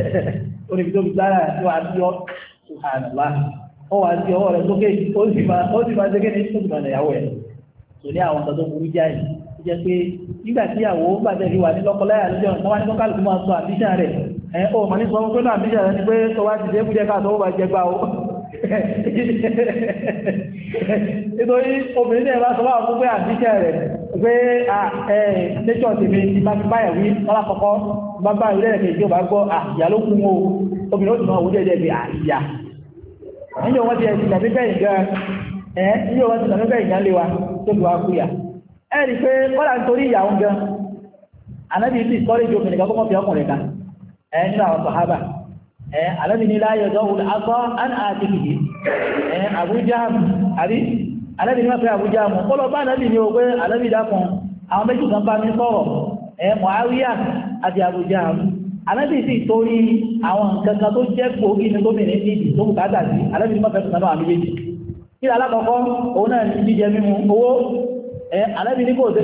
ó lè fi tó fi blára tí wọ́n á ti ọ́ ṣùgbọ́n ó wà sí ọwọ́ rẹ̀ sókè ó sì máa ṣe gíní ó sì máa ṣèyàwó rẹ̀ kò ní àwọn nǹkan burú jáì jẹ́ pé nígbà tíyàwó bàtẹ́ fi wà ní lọ́kọ́láyà ní kọ́kálùkù máa sọ ẹ̀ o mọ̀ ní sọ pé náà bíjà ni pé tó wá ti dé kújẹ́ ká sọ́wọ́ bá jẹ gbá o nítorí obìnrin náà bá sọ wá fún pé àbíjà rẹ̀ pé ẹ̀ nature ti mi bá ti báyà wí lọ́la kọ́kọ́ bá bá ìrẹ́ rẹ̀ kejì ó bá gbọ́ àyà ló kún o obìnrin ó sì máa wọ́n jẹ́jẹ́ bí àyà níjọ wọ́n ti ẹ̀sìn tàbí bẹ́ẹ̀ gan ẹ̀ níjọ wọ́n ti tàbí bẹ́ẹ̀ gan lé wa tó fi wá kúyà ẹ̀ rí i pé kọ́lá nítorí ìyàwó gan ànábì ti sọ́rí ju obìnrin kan kọ́kọ́ fi ọkùnrin kan ẹ nínú àwọn sàhábà ẹ alábìnrin láyọ̀ dọ́wọ́ akọ́ àná àti kìkì ẹ àbújá àbí alábìnrin máa fẹ́ àbújá mu kọ́lọ́ bá alábì ní o pé alábì dákun àwọn méjì kan bá mi sọ̀rọ̀ ẹ Muawiya àti àbújá alábì sì torí àwọn nǹkan kan tó jẹ́ gbòógì ní gómìnà níbi tó bùkátà sí alábì máa fẹ́ tó sábà àmì méjì kí alákọ̀ọ́kọ́ òun náà ní jíjẹ mímu owó ẹ alábì ní kò sí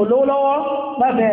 olówó lọ́wọ́ máa fẹ́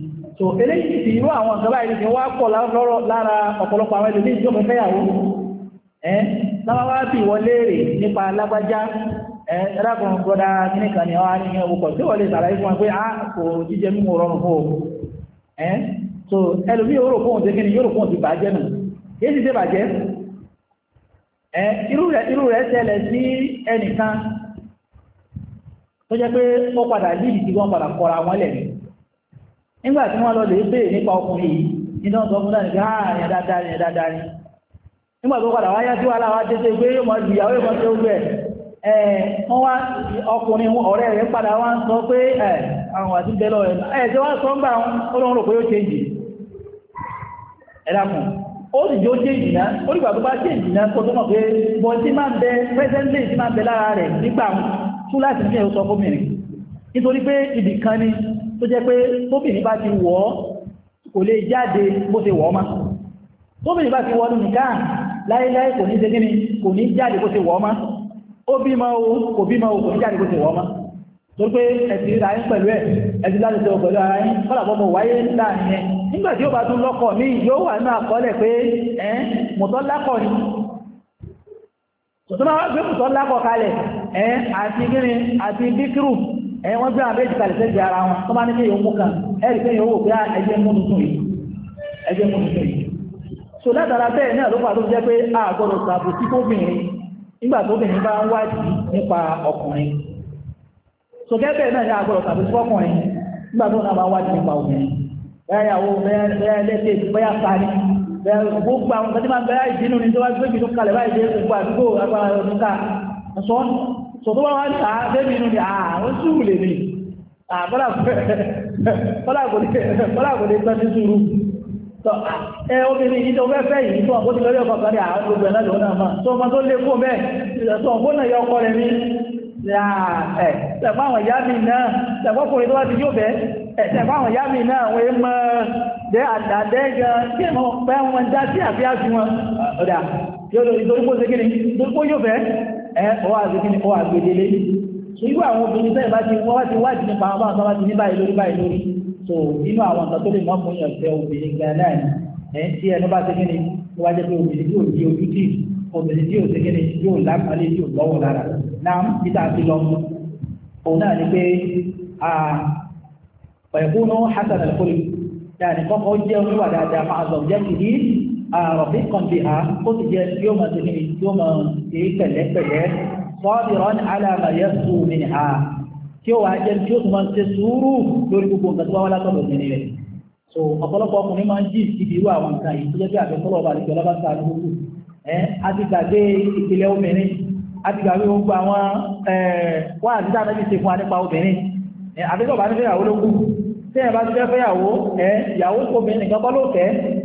so eléyìí ti irú àwọn ìjọba yìí ti wá pọ̀ lọ́rọ̀ lára ọ̀pọ̀lọpọ̀ àwọn ẹlòmíì tí ó fẹ́ fẹ́yàwó ẹ́ lábáwá bí wọlé rè nípa lágbájá ẹ ẹlákùnrin gbọ́dá kíní kan ní ọ̀hán ní ọkọ̀ a kò jíjẹ mímu rọrùn fún o ẹ so ẹlòmíì yóò rò fún òun ti kíni yóò rò fún òun ti bàjẹ́ nù yéé ti dé bàjẹ́ ẹ irú rẹ̀ irú rẹ̀ tẹ̀lẹ̀ sí ẹnìkan tó jẹ́ pé ó padà líìdì tí wọ́n padà kọra wọn lẹ̀ ní nígbà tí wọ́n lọ lè béèrè nípa ọkùnrin yìí nínú ọ̀sán fún náà nígbà àárín dáadáa ní nígbà tó padà wáyá tí wà láwá yóò ìyàwó ìmọ̀ ẹ wọ́n wá ọkùnrin ọ̀rẹ́ rẹ̀ padà wá ń sọ pé àwọn àti ṣe sọ ń gbà ó lóun rò pé ó change ẹ dákun ó sì jó ọrịa tó jẹ́ pé tóbìnrin bá ti wọ̀ kò lè jáde bó ṣe wọ̀ ma tóbìnrin bá ti wọ̀ nínú káà láíláí kò ní ṣe gíní kò ní jáde bó ṣe wọ̀ ma ó bímọ o kò bímọ o kò ní jáde bó ṣe wọ̀ ma tó pé ẹ̀sìn ra yín pẹ̀lú ẹ̀ ẹ̀sìn láti sọ pẹ̀lú ara yín kọ́là mọ̀ wáyé láàrin yẹn nígbà tí ó bá tún lọ́kọ mi yóò wà nínú àkọọ́lẹ̀ pé ẹ̀ mọ̀tọ́ lákọ̀ ni tòtò máa gbé mọ̀tọ́ lákọ̀ kalẹ̀ ẹ̀ àti gíní àti bíkírù ẹ wọ́n gbé àbẹ́jì kalẹ̀ sẹ́jì ara wọn tó bá ní kéèyàn mú kan ẹ̀rì kéèyàn wò pé ah, ẹjẹ́ mú tuntun yìí ẹjẹ́ mú tuntun yìí so látara bẹ́ẹ̀ náà ló fà tó jẹ́ pé a gbọ́dọ̀ sàbò sí tóbìnrin nígbà tóbìnrin bá ń wádìí nípa ọkùnrin so gẹ́gẹ́ náà ni a gbọ́dọ̀ sàbò sí ọkùnrin nígbà tó náà bá wádìí nípa obìnrin bẹ́ẹ̀ yàwó bẹ́ẹ̀ lẹ́sẹ̀ bẹ́ẹ̀ sáré bẹ́ẹ̀ gbogbo àwọn so tó bá wá tàá ah, débi inú ni àwọn ah, sùúrù lè ní àbọ́làgbòdé ah, tán sí sùúrù tọ́ ẹ obìnrin yìí tó fẹ́fẹ́ yìí tó ọkọ́ ti lórí ọkọ̀ kan ní àwọn gbogbo ẹ̀nà lòun náà máa tó ọmọ tó lè kó bẹ́ẹ̀ tó ọkọ́ náà yọ ọkọ rẹ̀ ní ẹ̀fọ́ àwọn ìyá mi náà ẹ̀fọ́ kùnrin tó bá ti yóò bẹ́ẹ̀ ẹ̀fọ́ àwọn ìyá mi náà wọ́n mọ́ dẹ́ àdàdẹ́ gan kí ẹ̀mọ́ pẹ́ wọn já sí àfíà sí wọn ọ̀dà yóò lórí torípò ṣe kí ni torípò yóò bẹ́ẹ̀ ọwọ́ àgbẹ̀kíní ọwọ́ àgbẹ̀délé irú àwọn obìnrin bẹ́ẹ̀ bá ti wọ́n bá ti wádìí nípa àwọn báwọn bá ti ní báyìí lórí báyìí lórí so nínú àwọn nǹkan tó lè mọ́ fún yàn fẹ́ obìnrin gan náà ẹ̀ ń tí ẹnu bá ti kíni wọ́n wá jẹ́ pé obìnrin yóò di ojú tì obìnrin yóò ti kíni yóò lápalẹ̀ yóò lọ́wọ́ lára náà peter ti lọ òun náà ni pé pẹ̀kúnú hasan al-kuli yàrá kọ́kọ́ jẹ́ oníwà dáadáa máa zọ̀ jẹ́ kìí àròbí ah, kan bí ha ó ti jẹ́ yóò máa tẹ̀lé yóò máa ṣe pẹ̀lẹ́pẹ̀lẹ́ sọ́ọ́dì rán aláàmà yẹ sùn mí ni ha tí ó wàá jẹ́ tí ó tún máa ṣe sùúrù lórí gbogbo nǹkan tó wá wá látọ̀dọ̀ sí rẹ̀ so ọ̀pọ̀lọpọ̀ ọkùnrin máa ń jì síbi irú àwọn nǹkan yìí tó jẹ́ bí àfẹ́sọ́lọ́ ọba àti ìjọba sáà ní gbogbo ẹ́ a ti gbàgbé ìpìlẹ̀ obìnrin a ti gbàgbé gbogbo àwọn wá àti dáadáa ti fún wa nípa obìnrin àfẹ́sọ́ ọba ní fẹ́yàwó ló kù tẹ́yìn bá ti fẹ́ fẹ́yàwó ẹ̀ ìyàwó obìnrin nìkan bọ́ ló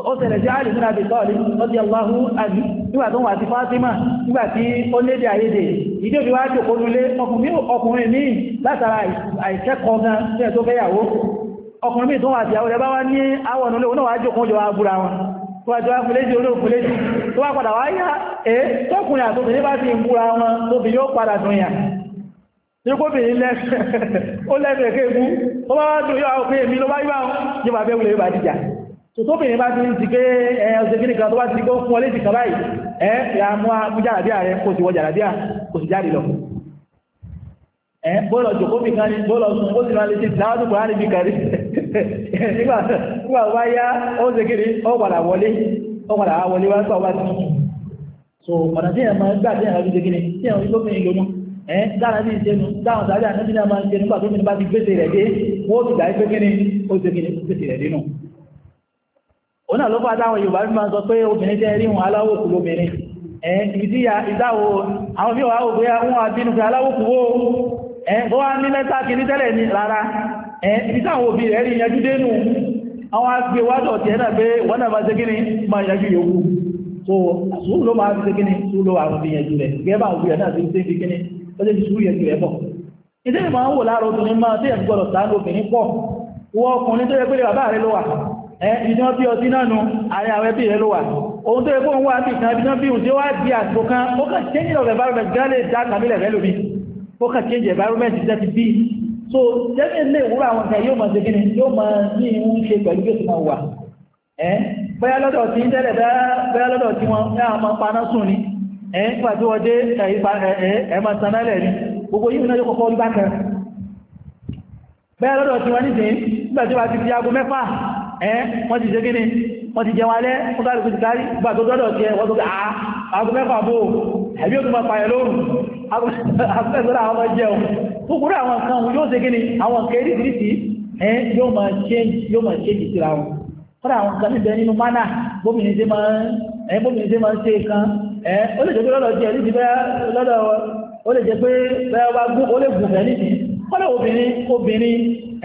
ó tẹ̀lẹ̀ jẹ́ àìlúmìnà bí sọ́ọ̀lì ọdí aláhú àbí nígbà tó wà ti fátímà nígbà tí ó lédè àyédè ìdí òbí wájú òkúnulé ọkùnrin ní látara àìkẹ́kọ̀ọ́ gan tí ẹ tó fẹ́yàwó ọkùnrin mi tó wà tí àwọ̀rẹ́ bá wá ní àwọn olówó náà wájú òkúnjọ àbúra wọn tó wájú àfúléjì olóòfúléjì tó wá padà wá yá ẹ́ tọ́kùnrin àtòbìnrin bá ti ń búra wọn tóbi yóò padà dùn yà nígbóbìnrin lẹ́fẹ̀ẹ́ ó lẹ́fẹ̀ẹ́ kéèkú ó bá wá dùn yóò àwọn òfin èmi ló bá yíwá yóò bá bẹ́ẹ̀ wulẹ̀ yóò bá dìjà tòtóbìnrin bá ti ń ti pé ọ̀sẹ̀ kí nìkan tó bá ti rí kó fún ọlé ìsìnkà báyìí ẹ́ ya mú àmújàràbíà rẹ kò sí wọjàràbíà kò sí jáde lọ ẹ́ bọ́ọ̀lọ̀ jòkóbì kan ní bọ́ọ̀lọ̀ sùn ó sì máa lè ṣe láwọ́dún kò rárí bí kàrí nígbà wá yá ó ṣe kiri ó padà wọlé ó padà wá wọlé wá sọ wá sí so ọ̀nà tí èèyàn máa ń gbà tí èèyàn fi ṣe kiri tí èèyàn fi lóbìnrin lónú ẹ́ dára ní ìṣẹ́nu dáhùn sáré àti nígbà máa ń ṣe nígbà tó fi bá ti gbèsè rẹ̀ dé wọ́n ó ti gbà òun náà ló fà táwọn Yorùbá fi máa sọ pé obìnrin jẹ́ rí wọn aláwòkú lóbìnrin ẹ̀yìn ibi tí ìdáwò àwọn bí wà áwò pé wọ́n wà bínú pé aláwòkú wó ẹ̀yìn ó wá ní mẹ́ta kìíní tẹ́lẹ̀ ní rárá ẹ̀yìn ibi táwọn òbí rẹ̀ rí yanjú dénú àwọn agbèwádọ̀ tẹ́ náà pé wọ́n náà máa ṣe máa yanjú yòókù so sùúrù ló máa ń ṣe kíní sùúrù ló àwọn ìyẹnjú rẹ̀ gẹ́gbà àwọn ìyẹn náà ti ń ṣe fi kíní ó ṣe fi sùúrù yẹn rẹ̀ pọ̀ ìdí ìmọ̀ àwọn wò láàárọ̀ obìnrin máa ìjọ bí ọtí náà nù àárín àwọn ẹbí rẹ̀ ló wà ohun tó yẹ fóun wà bí kan ìjọ bí ohun tí ó wá ó kàn change of environment gálẹ̀ dá kàmílẹ̀ rẹ̀ lómi ó kàn change environment jẹ́ ti bí so jẹ́mi lè wúrọ̀ àwọn nǹkan yóò máa ṣe kíni yóò máa ní ìhun ṣe pẹ̀lú bí ó ti wà ẹ́ lọ́dọ̀ tí wọ́n náà máa paná sùn ni ẹ́ nígbà tí wọ́n dé ẹ̀ máa tan nálẹ̀ ni gbogbo yìí náà yóò kọ́kọ́ rí bákan bóyá lọ́dọ̀ tí wọ́n nísìnyí ti fi aago mẹ́fà ẹ́ wọ́n ti ṣe kí ni wọ́n ti jẹun alẹ́ wọ́n kárí kùtù kárí gbà tó dọ́dọ̀ jẹ wọ́n tó gbà á ah, aago mẹ́fà bò ẹ̀bí òtún máa pààyàn lóòrùn aago mẹ́fà àwọn ọmọ jẹun tó kúrò àwọn nǹkan wọn yóò ṣe kí ni àwọn nǹkan eré ìdírísì ẹ́ yóò máa change yóò máa change síra wọn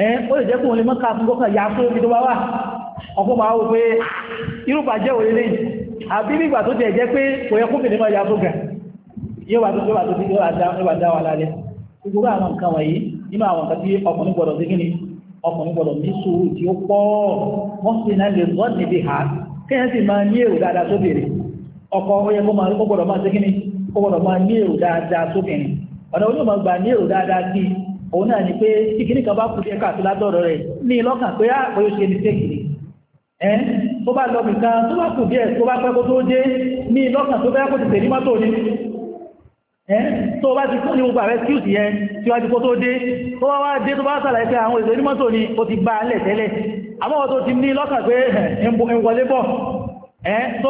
ẹ̀ ó lè jẹ́ kó wọn lè mọ́ka fún kọ́kàn ya fún omi tó bá wà ọkọ̀ máa wò pé irú bàjẹ́ òye lè àbí nígbà tó jẹ́ jẹ́ pé kò yẹ kó bìnrin máa ya fún gà yóò wà tó yóò wà tó yóò wà dá wà lálẹ́ gbogbo àwọn nǹkan wọ̀nyí nínú àwọn nǹkan tí ọkùnrin gbọ́dọ̀ sí kíni ọkùnrin gbọ́dọ̀ ní sùúrù tí ó pọ̀ wọ́n sì náà lè wọ́n níbi ha kéèyàn sì máa ní èrò dáadáa sóbìrì ọkọ oyè kó máa gbọ́dọ̀ máa òun náà ni pé tí kìíní kan bá kù díẹ̀ káàkiri látọ̀rọ̀ rẹ̀ ní lọ́kàn pé àpòyó ah, ṣe ní tẹ́kìrì ẹ́ tó bá lọ nìkan tó bá kù díẹ̀ tó bá pẹ́ kó tó dé ní lọ́kàn tó bẹ́ẹ̀ kó ti tẹ̀lé mọ́tò ní ẹ́ tó bá ti kú ní gbogbo ààrẹ skills yẹn tí wá ti kó tó dé tó bá wá dé tó bá sàlàyé pé àwọn èso onímọ́tò ni ó ti gba alẹ̀ tẹ́lẹ̀ àmọ́ wọn tó ti ní lọ́kàn pé ń wọlé bọ̀ ẹ́ tó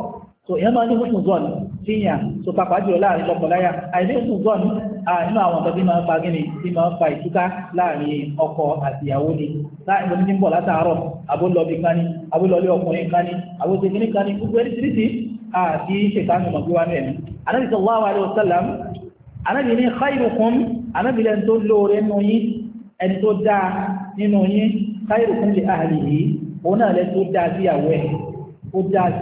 so èèyàn máa ní húsùn zọ́ọ̀nù tí yàn so pàpà jùlọ láàrin lọ́kọ̀láyà àìní húsùn zọ́ọ̀nù nínú àwọn nǹkan tí máa ń fa gíní tí máa ń fa ìtúká láàrin ọkọ àti ìyàwó ni láàrin lómi ní ń bọ̀ látàárọ̀ abólọ́bí kan ni abólọ́lé ọkùnrin kan ni abóse gíní ni gbogbo ẹni tìrìtì àti ṣèkánù mọ̀gbé wa mẹ́rin anábì sallallahu alaihi wasallam anábì ní khairukum anábì lẹ́ni tó lóore nínú yín ẹni tó dáa nínú ahlihi òun náà lẹ́ni tó ó dá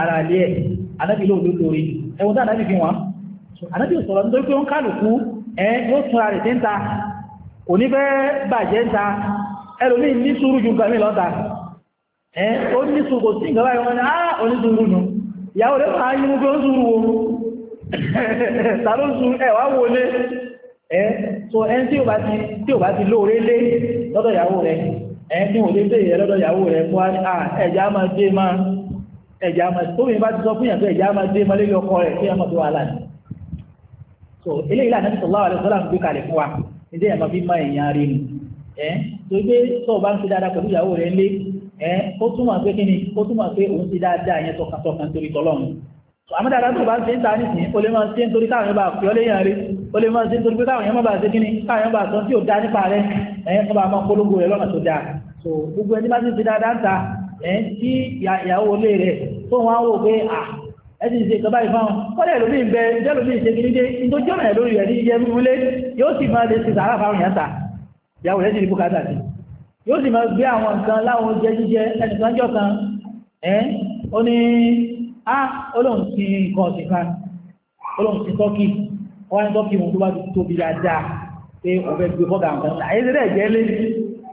ara ilé ẹ̀ anábì ló lórí ẹwọ́n tá anábì fi wọ́n anábì sọ̀rọ̀ nítorí pé ó ń kálukú ẹ yóò tún rẹ̀ sí ń ta kò ní fẹ́ bàjẹ́ ń ta ní sùúrù ju nǹkan mi lọ́ta ẹ ó ní sùúrù sí nǹkan báyìí ni á ó ní sùúrù nù ìyàwó rẹ̀ máa mú pé ó wo ta ló sùúrù ẹ wá ẹ so ẹ tí ti tí ò bá ti lóore lé lọ́dọ̀ ìyàwó ẹ lọ́dọ̀ ìyàwó fún ẹ̀já máa tó mi bá ti sọ fún yàn pé ẹ̀já máa dé máa lórí ọkọ rẹ̀ kí ẹ̀ máa fi wàhálà so eléyìí lànà sọlá wàlẹ̀ sọlá ń gbé kalẹ̀ fún wa ẹ̀jẹ̀ yẹn máa fi má ẹ̀yàn rí ni ẹ̀ tó gbé tó o bá ń ṣe dáadáa pẹ̀lú ìyàwó rẹ̀ lé ẹ̀ ó túmọ̀ pé kí ni ó túmọ̀ pé òun ti dáadáa yẹn tọkàntọkàn torí tọlọ́run àmọ́ dáadáa tó bá ń ṣe ń ta nísìnyí ó lè máa ṣe nítorí káwọn bá fi ọlé yàn rí ó lè máa ṣe nítorí pé so gbogbo ẹni bá ti ṣe dáadáa ẹ̀ tí ìyàwó lé rẹ̀ tó wọ́n á wò pé à ẹ̀sì ṣe ìjọba ìfáwọn kọ́lẹ̀ lómi ń bẹ jẹ́lómi ṣe kiri dé ní tó jọ́nà ẹ̀ lórí rẹ̀ ní iye múlé yóò sì máa lè ṣe sàárà fáwọn yàtà ìyàwó rẹ̀ sì ní bùkátà sí yóò sì máa gbé àwọn nǹkan láwọn oúnjẹ jíjẹ ẹni tó ń jọ kan ẹ̀ ó ní á olóhùn sí nǹkan ọ̀sìn kan olóhùn sí tọ́kì wọ́n á ní tọ́kì wọn tó bá tóbi dáadáa pé òun fẹ́ gbé fọ́gà nǹkan àyè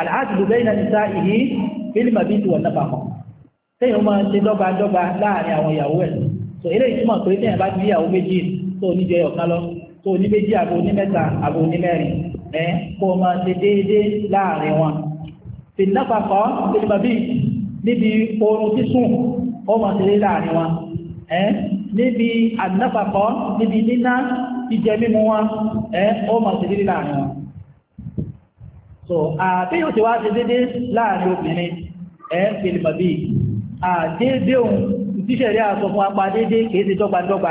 àlàájùlù bẹ́ẹ̀nà nìta ìhí fílìmà bí ti wọ̀n náà papọ̀ téèyàn máa ṣe dọ́gba dọ́gba láàrin àwọn ìyàwó ẹ̀ so eléyìí túmọ̀ pé téèyàn bá ti níyàwó méjì tó ní jẹ ọ̀kan lọ tó ní méjì àbò ní mẹ́ta àbò ní mẹ́rin ẹ kó o máa ṣe déédéé láàrin wọn fìlìmà papọ̀ fílìmà bí níbi oorun sísùn ó máa ṣe déédéé láàrin wọn ẹ níbi ànáfàkọ́ níbi níná jíjẹ mímu wọn ẹ ó máa ṣe déédéé láàrin wọn so àbíyàn ti wá ṣe dédé láàrin obìnrin ẹ̀ ń pèlè mọ̀bí àdédé òun tíṣẹ̀rí àsọ fún apá dédé kìí ṣe dọ́gbadọ́gba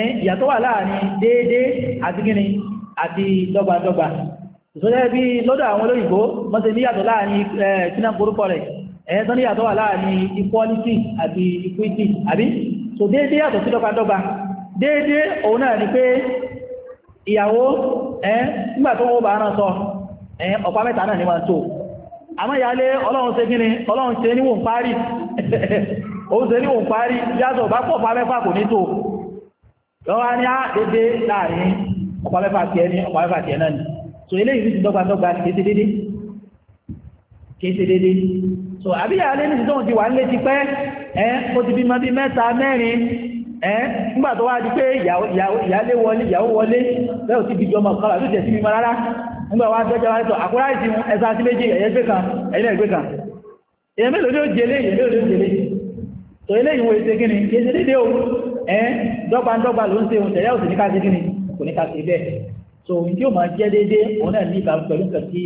ẹ̀ ìyàtọ̀ wà láàrin dédé àti gíní àti dọ́gbadọ́gba ìṣọ́jẹ́ bí lọ́dọ̀ àwọn olóyìnbó wọ́n ti níyàtọ̀ láàrin kíná korúkọ rẹ̀ ẹ̀ tó níyàtọ̀ wà láàrin equality àti equity àbí so dédé yàtọ̀ sí dọ́gbadọ́gba dédé òun náà ni pé ìyàwó ẹ̀ nígbà tó wọ́n bá rán Eh, ọ̀pá mẹ́ta náà ni wọ́n tó àmọ́ ìyálé ọlọ́run ṣe gíní ọlọ́run ṣe níwò ń parí òun ṣe níwò ń parí yàtọ̀ bá pọ̀ ọ̀pá mẹ́fà kò ní tó lọ́wọ́ ní á dédé láàrin ọ̀pá mẹ́fà tí ẹni ọ̀pá mẹ́fà tí ẹ náà ni so eléyìí ti dọ́gba dọ́gba kéṣe dédé kéṣe dédé so àbí ìyálé ní ìdíjọ́ ti wà ń lé ti pẹ́ ẹ́ ó ti bímọ bí mẹ́ta mẹ́rin ẹ́ nígbà tó wá di pé ìyálé wọlé ìyàwó wọlé bẹ́ẹ̀ ò bí jọmọ kọlà tó tẹ̀ sí bímọ rárá nígbà wá jẹ́jẹ́ wá tọ́ àkúrá ìsìn ẹ̀sà sí méjì ẹ̀yẹ́ gbé kan ẹ̀yẹ́ gbé kan èyàn mélòó ní ó jẹlé èyàn mélòó ní ó jẹlé tó ilé o ẹ́n dọ́gbandọ́gba ló ń ṣe ohun tẹ̀yà òsì níka sí gíní kò níka sí bẹ́ẹ̀ so tí ó máa jẹ́ dédé òun náà ní ìbámu pẹ̀lú nǹkan tí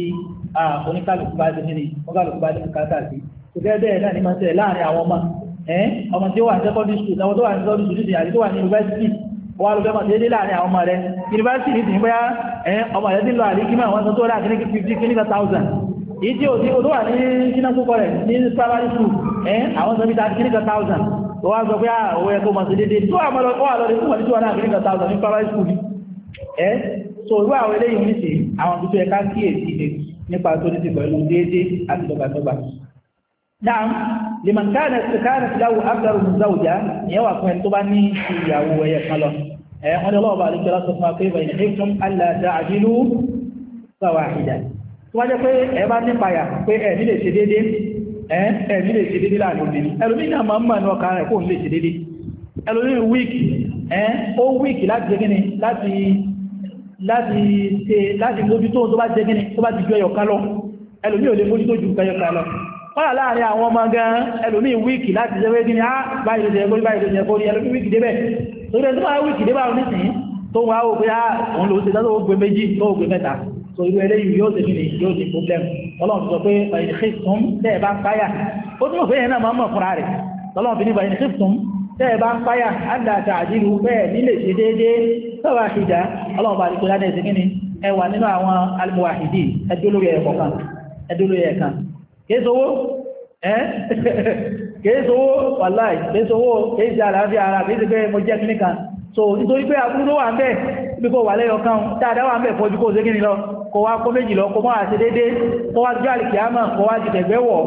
oníkàlùkù bá ti gíní oníkàlùkù bá ti kàtà sí tó bẹ́ẹ̀ bẹ́ẹ̀ náà ní máa wà lọ́gbẹ́ mọ̀ déédé láàrin àwọn ọmọ rẹ̀ yunifásitì ní tìǹbá ẹ̀yẹn ọmọ rẹ̀ ti lọ àríkímọ̀ wọ́n sọ tó rà kíní fifty kíní ka thousand èyí tí òsì olówà ní kíná púpọ̀ rẹ̀ ní primary school ẹ̀yẹn àwọn sọ bí ta kíní ka thousand tó wá sọ pé àwọ̀ ah, ẹ̀ tó mọ̀ sí déédé tó àmọ́ lọ wà lọ́dẹ fún ọdún náà kíní ka thousand ní primary school ẹ̀ so irú àwọn eléyìí ní sí àwọn tó yẹ ká kíyèsí nípa tó ní ti pẹ̀lú déédé àti dọ́gbàdọ́gbà Naam, liman kana kana lahu akthar min zawja, ìyẹn wà fún ẹni tó bá ní ìyàwó ẹyẹ kan lọ wọ́n ní ọlọ́ọ̀bá àríkẹ́lá sọ fún apé ìbẹ̀yìn ẹ̀kùn aláàdáàjìlú sọ̀wàhìdà tó wájẹ́ pé ẹ bá ní payà pé ẹ̀mí lè ṣe dédé ẹ̀mí lè ṣe dédé láàrin obìnrin lè ṣe dédé ẹlòmí lọ ẹlòmí ò láàrin àwọn ọmọ gan ẹlòmí wíìkì láti jẹ́ gíní á báyìí jẹ́ kórí báyìí jẹ́ kórí ẹlòmí wíìkì débẹ̀ torí ẹni tó bá wíkì dé báwọn nísìnyí tó wá wò pé á ah, òun lòún ṣe dájọ́ ògbé méjì so irú eléyìí yóò ṣe nílé ní problem ọlọ́run sọ pé bàyìn kristu tẹ́ ẹ bá ń páyà ó túnbọ̀ pé yẹn náà máa ń mọ̀ fúnra rẹ̀ ọlọ́run fi ní bàyìn kristu tẹ́ ẹ bá ń páyà àdàtà àdìrú bẹ́ẹ̀ nílé ṣe déédéé sọ́wọ́ àṣìjà ọlọ́run bá dìkọ́ ládẹ́ ṣe kíni nínú àwọn almuwahidi ẹdúlórí ẹ̀kọ́ kan kèésowó wàláì kèésowó kèése àlàáfíà ara kèése pé mo jẹ́ kíní kan so nítorí pé agbúrú wà ń bẹ̀ pípọ̀ wà lẹ́yọ kan dáadáa wà ń bẹ̀ fọ́jú kó ṣe kíní lọ kó wá kó méjì lọ kó mọ́ àti dédé kó wá jọ́ àlìkìámà kó wá jìdẹ̀gbẹ́ wọ̀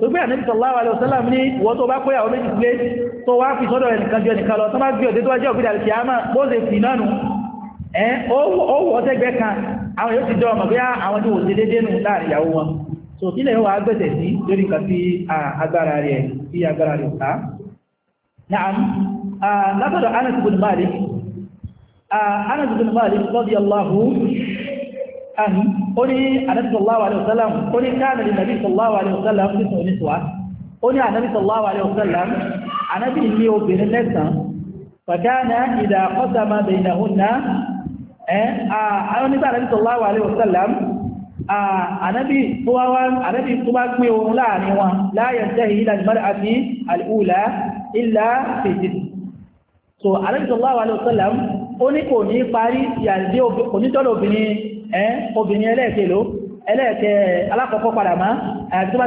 tó gbé àníbi sallallahu alaihi wasallam ní ìwọ tó bá kó yàwó méjì sílé tó wá fi sọ́dọ̀ ẹnìkan lọ tó gbé tó wá jẹ́ so kí lẹ́yìn wà gbẹ̀tẹ̀ sí lórí nǹkan sí agbára rẹ̀ sí agbára rẹ̀ ká na'am látọ̀dọ̀ Anas ibn Malik Anas ibn Malik radiyallahu anhu ó ní Ànábì sallallahu alaihi wasallam ó ní kana li Nabi sallallahu alaihi wasallam ní sọ̀rọ̀ nítorí ó ní Ànábì sallallahu alaihi wasallam Ànábì ní obìnrin mẹ́sàn-án fàkánà idha qasama bainahunna ẹ́ àwọn nígbà Ànábì sallallahu alaihi ànábì tó wá wá ànábì tó bá pín ohun láàrin wọn la yantahi ila al-mar'ati al-ula illa fi jid so ànábì sallallahu alaihi wasallam ó ní kò ní parí yàndé onítọ́lọ̀ obìnrin ẹ́ obìnrin ẹlẹ́ẹ̀kẹ́ ló ẹlẹ́ẹ̀kẹ́ alákọ̀ọ́kọ́ padà má àti tó bá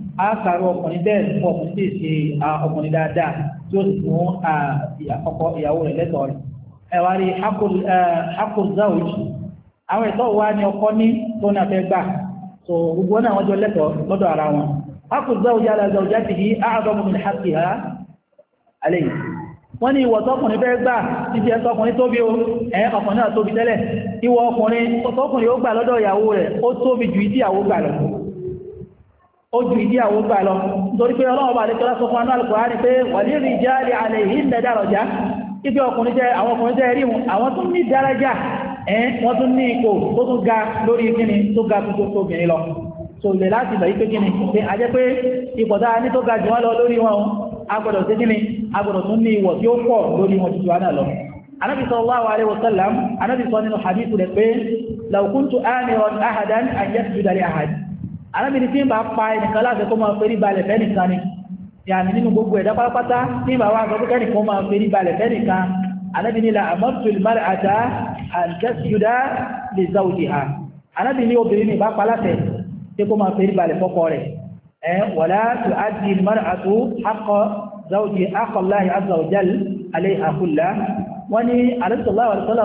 á kàrọ ọkùnrin bẹ́ẹ̀ fún ọkùnrin tí ì ṣe ọkùnrin dáadáa tí ó sì fún ọkọ ìyàwó rẹ̀ lẹ́tọ̀ọ́ rẹ̀ ẹ̀wà rí wa ni ọkọ ní tó ní afẹ́ gbà tó gbogbo náà wọ́n jọ lẹ́tọ̀ọ́ lọ́dọ̀ ara wọn àti yìí ha alẹ́ yìí wọ́n ní tọkùnrin bẹ́ẹ̀ gbà títí ẹ tọkùnrin tóbi o ẹ ọkùnrin náà tóbi tẹ́lẹ̀ ìwọ ọkùnrin tọkùnrin ó ojú ìdí àwọn gbà lọ nítorí pé ọlọ́wọ́ bá lẹ́tọ́lá sọ fún Al-Qur'ani pé wàlí rí jáde alẹ́ yìí lẹ́ dárọ̀já ibi ọkùnrin jẹ́ àwọn ọkùnrin jẹ́ rí wọn àwọn tún ní dárájà ẹ̀ wọ́n tún ní ipò tó tún ga lórí kíni tó ga tó tó bìnrin lọ tó lè láti bẹ̀yí pé kíni pé a jẹ́ pé ipò tá a ní tó ga jù wọ́n lọ lórí wọn a gbọ́dọ̀ sí kíni a gbọ́dọ̀ tún ní ìwọ̀ tí ó pọ̀ lórí wọn jù wọn lọ anabi sallallahu alaihi wasallam anabi sọ nínú hadithu rẹ̀ pé law kuntu amiran ahadan an yasjuda arábìnrin tí ń bá pa ẹnìkan láti kó máa ferí balẹ̀ fẹ́nìkan ni yàmì nínú gbogbo ẹ̀dá pátápátá tí ń bá wá gbogbo kẹ́nìkan máa ferí balẹ̀ fẹ́nìkan arábìnrin la amartul mar'ata an tasjuda li zawjiha arábìnrin obìnrin ní ìbápa láti tí kó máa ferí balẹ̀ fọ́kọ rẹ̀ ẹ wala tu'addi al-mar'atu haqqa zawji haqqa Allahi azza wa jal alayha kullah wọ́n ní alẹ́sọ̀lá àwàlẹ́sọ̀lá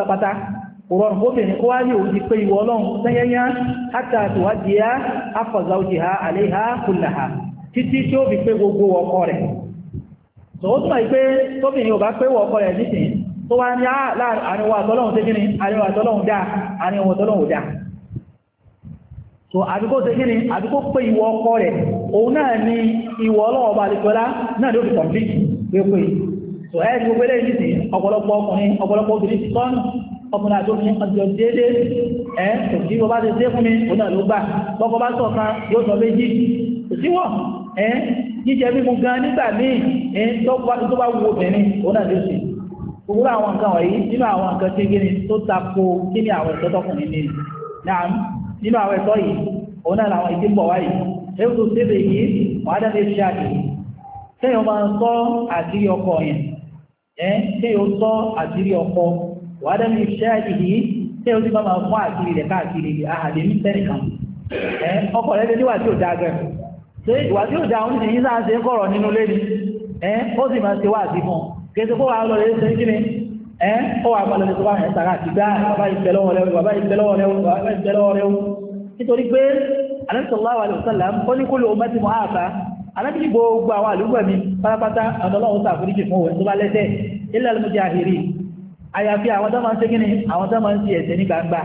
wá òrọ̀rùn obìnrin kó wá ní òun ti pé ìwọ ọlọ́run sẹ́yẹ́yá hátà tó wá di á afọ̀zá òjì ha ha kùlàhà títí tí ó gbogbo ọkọ rẹ̀ tó ó túnmọ̀ pé tóbìnrin ò bá ọkọ rẹ̀ nísìn ní wa àtọ́lọ́hun ṣe kíni wa wa so ni ìwọ ọlọ́wọ́ bá ọkùnrin àti obìnrin ọjọ́ déédé ẹ́ kò sí bọ́ bá ti dé fún mi òun náà ló gbà bọ́kọ bá sọ kan yóò sọ méjì kò sí wọ̀ ẹ́ jíjẹ mímu gan nígbà míì ẹ́ tó bá wo obìnrin òun náà ló sì gbogbo àwọn nǹkan wọ̀nyí nínú àwọn nǹkan tí gíní tó tako kí ni àwọn ẹ̀tọ́ tọkùnrin ní náà nínú àwọn ẹ̀tọ́ yìí òun náà làwọn ìdí ń bọ̀ wáyé ewu tó tẹ́lẹ̀ yìí wọ́n á dáná ṣe àdé sẹ́yìn ọmọ sọ àdírí ọkọ yẹn ẹ́ sẹ́yìn ó sọ àdírí ọkọ wà á dẹ́nu iṣẹ́ ìdí tẹ́ o ti bá máa mú àkiri rẹ̀ káàkiri àhàdé ní sẹ́nìkan ẹ ọkọ̀ rẹ̀ lédè wà tí ò dáa gẹ̀ ṣé ìwà tí ò dáa ń sìn sáà ṣe ń kọ̀rọ̀ nínú lẹ́nu ẹ ó sì máa ṣe wá àti fún un kéde kó wà á lọ lè ṣe kí ni ẹ ó wà á lọ lè ṣe wá ẹ̀ sàrà àti gbá bàbá ìfẹ́lọ́wọ́ rẹ̀ bàbá ìfẹ́lọ́wọ́ rẹ̀ bàbá ìfẹ́lọ́wọ́ rẹ̀ nítorí pé alẹ́sọ̀láwà alẹ́sọ̀lá ó ní kó lè ọmọ tí mo ààfà alábìí gbogbo àwọn àlúgbẹ̀mí pátápátá àdọ́lọ́wọ́ sàfúríjì fún òwe tó bá lẹ́sẹ̀ ilẹ̀ alùmọ́jà àhìrí àyàfi àwọn tó máa ń ṣe kíni àwọn tó máa ń ṣe ẹ̀ṣẹ̀ ní gbangba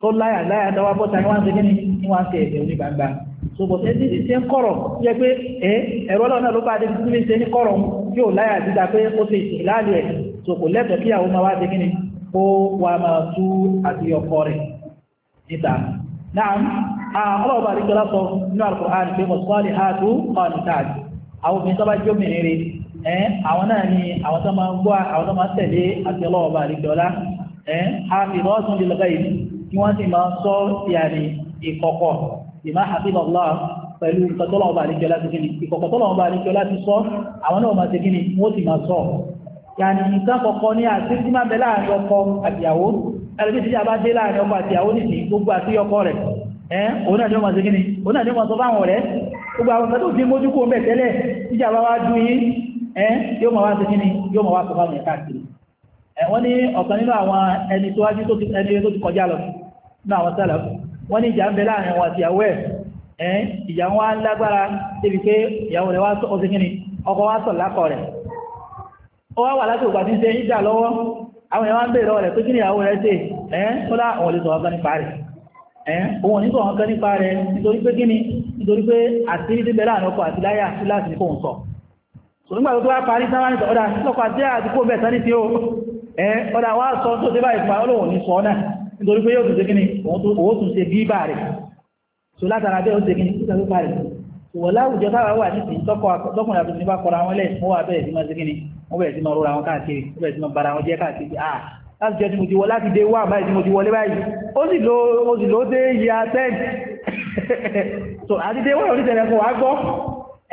tó láyà láyà tó wá bọ́ta ní wá ń ṣe kíni ní wá ń ṣe ẹ̀ṣẹ̀ ní gbangba so bọ̀ ẹni tí ṣe ń kọ̀rọ̀ yẹ pé ẹ ẹ̀rọ náà ló bá dé tí ní ṣe ní kọ̀rọ̀ yóò láyà dídá pé so kò lẹ́tọ̀ọ́ kí àwọn máa wá ṣe kíni ó ẹ́ àwọn náà ni àwọn tó máa ń gbọ́ àwọn tó máa tẹ̀lé àti ọlọ́ọ̀bà àríkẹ́ọlá ẹ́ hafidhatun lil ghaib kí wọ́n sì máa sọ ìyàní ìkọ̀kọ̀ ìmá hafidhallah pẹ̀lú ìkọ̀tọ́lọ́ọ̀bà àríkẹ́ọlá ti kíni ìkọ̀kọ̀tọ́lọ́ọ̀bà àríkẹ́ọlá ti sọ àwọn náà máa ti kíni wọ́n sì máa sọ yàní nǹkan kọ̀kọ́ ní àti tí máa bẹ láàrin ọkọ àtìyàwó ẹlẹ́bí tí a bá dé láàrin ọkọ àtìyàwó nìsí gbogbo àti ọkọ rẹ̀ ẹ́ òun náà ni wọ́n máa ṣe òun náà ni wọ́n sọ fáwọn ọ̀rẹ́ gbogbo àwọn ọ̀sán tó ti mójú kó mẹ́ tíjà bá wá ju yín ẹ́ yóò máa wá sí kí ni yóò máa wá sọ fáwọn ẹ̀ka kiri ẹ̀ wọ́n ní ọ̀kan nínú àwọn ẹni tó wájú tó ti kọjá lọ nínú àwọn sálà wọ́n ní ìjà ń bẹ láàrin wọn àti ìyàwó ẹ̀ wọn lágbára débi pé ìyàwó rẹ̀ sí wá sọ rẹ̀ ó wá wà láti ṣe ìjà lọ́wọ́ àwọn ń bèèrè pé nígbà tó wá parí sáwárí ọ̀dá lọ́pàá jẹ́ àdúgbò bẹ̀ sáré tí ó ẹ ọ̀dá wá sọ tó dé báyìí pa ọlọ́wọ̀n ní sọ náà nítorí pé yóò tún ṣe kíni owó tún ṣe bí bá rẹ̀ so látara bẹ́ẹ̀ ó ṣe kíni títà tó parí wọ̀ láwùjọ táwa wà nísìnyí tọkùnrin àti ní bá kọra wọn lẹ́yìn wọ́n wà bẹ́ẹ̀ sí máa ṣe kíni wọ́n bẹ̀rẹ̀ sí máa rora wọn káàkiri wọ́n bẹ̀rẹ̀ sí máa bara wọn jẹ́ káàkiri ah láti jẹ́ tí mo ti wọ láti dé wà báyìí tí mo ti wọlé báyìí ó sì lo ó sì lo dé ya ten so àti dé wà lórí tẹ̀lé fún wa gbọ́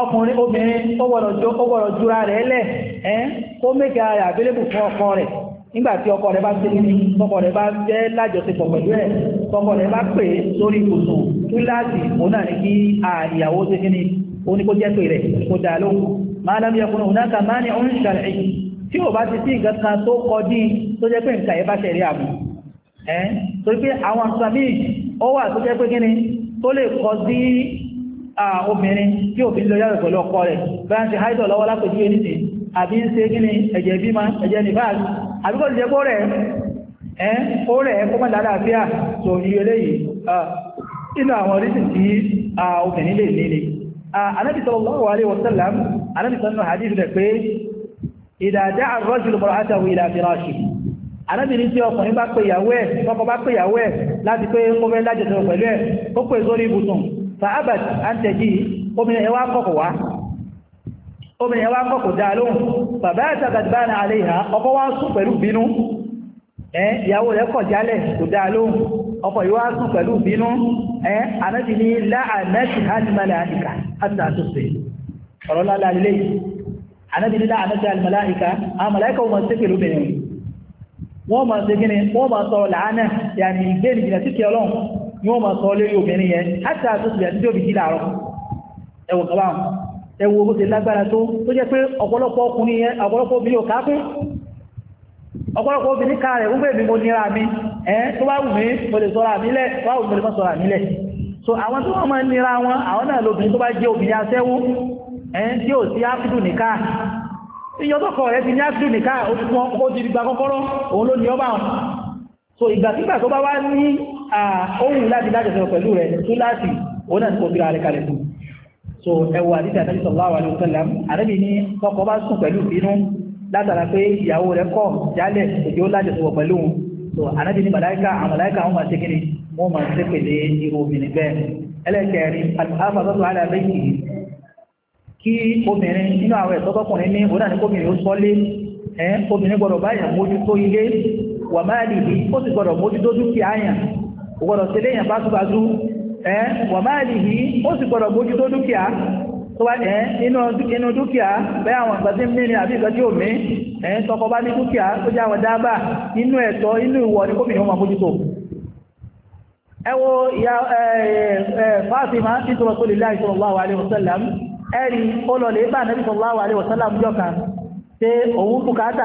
ọkùnrin obìnrin ó gbọ́dọ̀ jura rẹ̀ lẹ̀ ẹ́ kó make ara àbílẹ̀bù fún ọkọ rẹ̀ nígbàtí ọkọ rẹ̀ bá ṣe ní tọkọ rẹ̀ bá jẹ́ lájọsípọ̀ pẹ̀lú ẹ̀ rẹ̀ bá pè sórí òun náà ní kí ṣe kí ni ó ní kó jẹ́ rẹ̀ kó dà máa ní ṣàlẹ̀ tí ò bá ti sí nǹkan kan tó bá àbù ẹ́ torí pé obìnrin tí obìnrin lọ yàtọ̀ pẹ̀lú ọkọ rẹ̀ bá ń ṣe haidọ̀ lọ́wọ́ lápòjú ẹnìtì àbí ń ṣe gíní ẹ̀jẹ̀ bímọ ẹ̀jẹ̀ nìbáàlì àbí kò jẹ́ kó rẹ̀ ẹ́ ó rẹ̀ kó mọ́ lálàáfíà tó yí eléyìí inú àwọn orísì tí obìnrin lè nílé anábì sallallahu alaihi wasallam anábì sọ́nà hadith rẹ̀ pé ìdàjá ar-rajulu imra'atahu ila firashihi arábìnrin tí ọkùnrin bá pè ìyàwó ẹ̀ tọkọ bá pè ìyàwó ẹ̀ láti pé ó fẹ́ lájọsọ pẹ̀lú ẹ̀ ó pè sórí ibùsùn fàábàt àǹtẹ̀jì obìnrin ẹwà kọ̀kọ̀ wá obìnrin ẹwà kọ̀kọ̀ dá lóhùn bàbá àtàgàdìbára alẹ́ ìhà ọkọ wá sùn pẹ̀lú bínú ẹ ìyàwó rẹ̀ kọ̀ jálẹ̀ kò dá lóhùn ọkọ yìí wá sùn pẹ̀lú bínú ẹ anábì ní láàánẹ́sì hàlìmọ́lẹ̀ àdìkà àtàtúnṣe ọ̀rọ̀ lálẹ́ alẹ́ yìí anábì ní láàánẹ́sì hàlìmọ́lẹ̀ àdìkà àwọn mọ̀láìkà yóò máa sọ lórí obìnrin yẹn láti àtúnṣe àti tí ó fi jí làárọ̀ ẹwọ̀ kọba ẹwọ̀ ó ti lágbára tó tó jẹ́ pé ọ̀pọ̀lọpọ̀ ọkùnrin yẹn ọ̀pọ̀lọpọ̀ obìnrin ò kápé ọ̀pọ̀lọpọ̀ obìnrin ká rẹ̀ wúgbẹ́ mi mo nira mi ẹ̀ tó bá wù mí mo lè sọ́ra mi tó bá wù mí mo sọ́ra mi so àwọn tí wọ́n máa ń nira wọn àwọn náà lóbìnrin tó bá jẹ́ obìnrin aṣẹ́wó ẹ̀ tí ò sí áfídù nìka ìyọ́tọ̀kọ̀ rẹ̀ ti ní áfídù nìka ó ti gbà kọ́kọ́rọ́ òun ló ní ọba so ìgbàkígbà tó bá wá ní ohun láti lájọsọ pẹ̀lú rẹ̀ tó láti òun náà kò bíra rẹ̀ kalẹ̀ fún so ẹwọ àdíjà tàbí sallallahu alaihi wasallam àrẹ́bì ní ọkọ bá sùn pẹ̀lú ìbínú látara pé ìyàwó rẹ̀ kọ̀ jálẹ̀ òjò lájọsọ pẹ̀lú so àrẹ́bì ní màláìka àwọn màláìka àwọn máa ṣekere wọn máa ṣe pèlè irú obìnrin bẹ́ẹ̀ ẹlẹ́kẹ̀rin alifásọ́tò alábẹ́yì kí obìnrin nínú àwọn ẹ̀tọ́ tọkùnrin ní òun náà ní kóbìnrin ó sọ́lé ẹ̀ obìnrin gbọ́dọ̀ báyà mójútó ilé wà máa gbọ́dọ̀ sí léyìn básúbású ẹ́ wà máa lè yí ó sì gbọ́dọ̀ dukia tó dúkìá tó wá ẹ́ inú dúkìá bẹ́ àwọn ìgbà tí mìíràn àbí ìgbà tí ò mí ẹ́ tọkọ bá ní dúkìá tó jẹ́ àwọn dábà inú ẹ̀tọ́ inú ni kómìnà wọn bójú tó ẹ wo ìyá Fátímà títí Rasulullahi sallallahu alaihi wasallam ẹ̀rí ó lọ lè bá Nabi sallallahu alaihi wasallam jọ kan ṣe òun bùkátà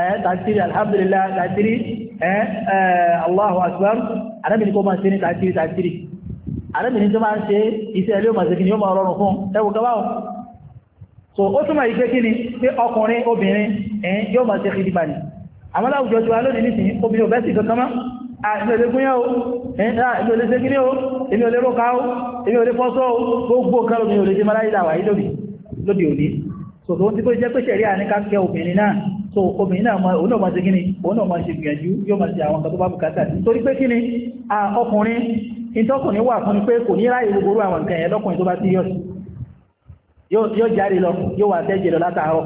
Eh, tàtírí alhamdulillah tàtírí eh, eh, Allahu akbar arábìnrin kó máa ṣe ní tàtírí tàtírí arábìnrin tó máa ń ṣe iṣẹ́ ilé òmà ṣekí ni ó máa rọrùn fún ẹwù gabáwọ̀ so ó túnmọ̀ ìṣe kí ni pé ọkùnrin obìnrin ẹ̀yìn yóò máa ṣe kìdìbà ni àwọn ti wá lónìí nìsín obìnrin ò bẹ́ kankan mọ́ àìmọ̀ ilé gúnyẹ́ o èmi ò lè ní o èmi ò lè o èmi ò fọ́sọ́ o gbogbo kan obìnrin ò ṣe mọ́ láyé dàwà yìí lóde òní so tó ń ti tó jẹ́ pé ṣẹ̀rí àníkà kẹ obìnrin náà so obìnrin náà ma òun náà ma ṣe kíni òun náà ma ṣe gbìyànjú yóò ma ṣe àwọn nǹkan tó bá bùkátà sí torí pé kíni ọkùnrin ìtọ́kùnrin wà fún ni pé kò ní ráyè gbogbo àwọn nǹkan yẹn lọ́kùnrin tó bá ti yọ yóò jáde lọ yóò wà tẹ́jẹ lọ látàárọ̀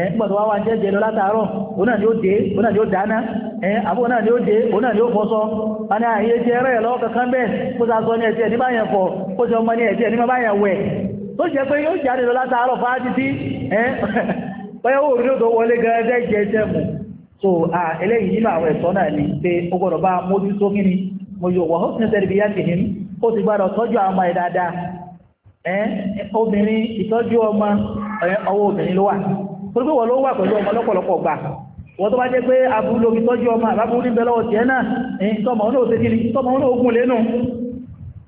ẹ̀ nígbà tó wá wá jẹ́jẹ lọ látàárọ̀ òun náà ni ó dé òun náà ni ó dáná ẹ̀ àbúrò náà ni ó dé òun náà jẹ́ rẹ̀ lọ́wọ́ kankan bẹ́ẹ̀ kó sa sọ ní ẹ̀jẹ̀ ní báyẹn fọ̀ kó sa ọmọ ní ẹ̀jẹ̀ ní báyẹn wẹ̀ tó jẹ́ pé yóò jáde lọ látàárọ̀ fáájì sí bọ́yá ó rí odò wọlé gẹ́gẹ́ jẹ́jẹ́ mú so eléyìí nínú àwọn ẹ̀tọ́ náà ni pé ó gbọ́dọ̀ bá mójú tó kí mo yọ wọ́n hóṣin tẹ́lẹ̀ bí yáàkì ní ó ti gbọ́dọ̀ tọ́jú àwọn ẹ̀ dáadáa ẹ́ obìnrin ìtọ́jú ọmọ ọwọ́ obìnrin ló wà pé wọ́n ló wà pẹ̀lú ọmọ lọ́pọ̀lọpọ̀ gbà wọ́n tó bá jẹ́ pé tọ́jú ọmọ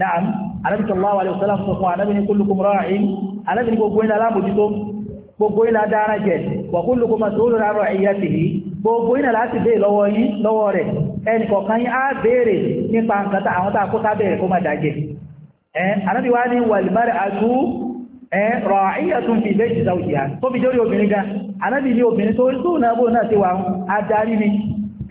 naam anabi sallallahu alaihi wasallam sọ fún anabi ní kullukum ra'in anabi ní gbogbo yín alábòjútó gbogbo yín adára jẹ wa kullukum mas'ulun 'an ra'iyatihi gbogbo yín láti béè lọ́wọ́ yín lọ́wọ́ rẹ̀ ẹnì kọ̀ọ̀kan yín á béèrè nípa nǹkan tá àwọn tá a kó sábẹ̀rẹ̀ kó má dàjẹ́ ẹ anabi wa ní wal mar'atu ra'iyatun fi bayti zawjiha tó fi dórí obìnrin gan anabi ní obìnrin tó náà bó náà ti wà adarí ni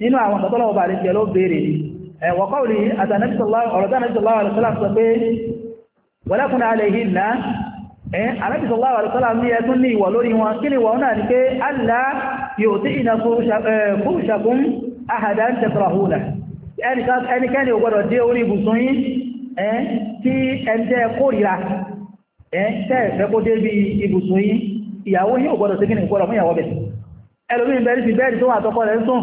nínú àwọn ọ̀tọ́lọ́wọ́ bá lè jẹ́ ló béèrè wọ̀kọ́wùlì àtànàbìsọ̀láwà alẹ́sọ́lá sọ pé wọ́lẹ́kùnrin alẹ́hìnà ànàbìsọ̀láwà alẹ́sọ́lá ní ẹtún ní ìwọ̀ lórí wọn kí ni wọ́n náà ni pé allá yóò tí ìnà fúrúṣàkún àhàdá ń tẹ̀sọ̀rọ̀húnà ẹnikẹ́ni ò gbọ́dọ̀ dé orí ibùsùn yín tí ẹnjẹ́ kórìíra tẹ́ẹ̀fẹ́ kó dé bí ibùsùn yín sí kí tó wà tọ́kọ rẹ̀ ń sùn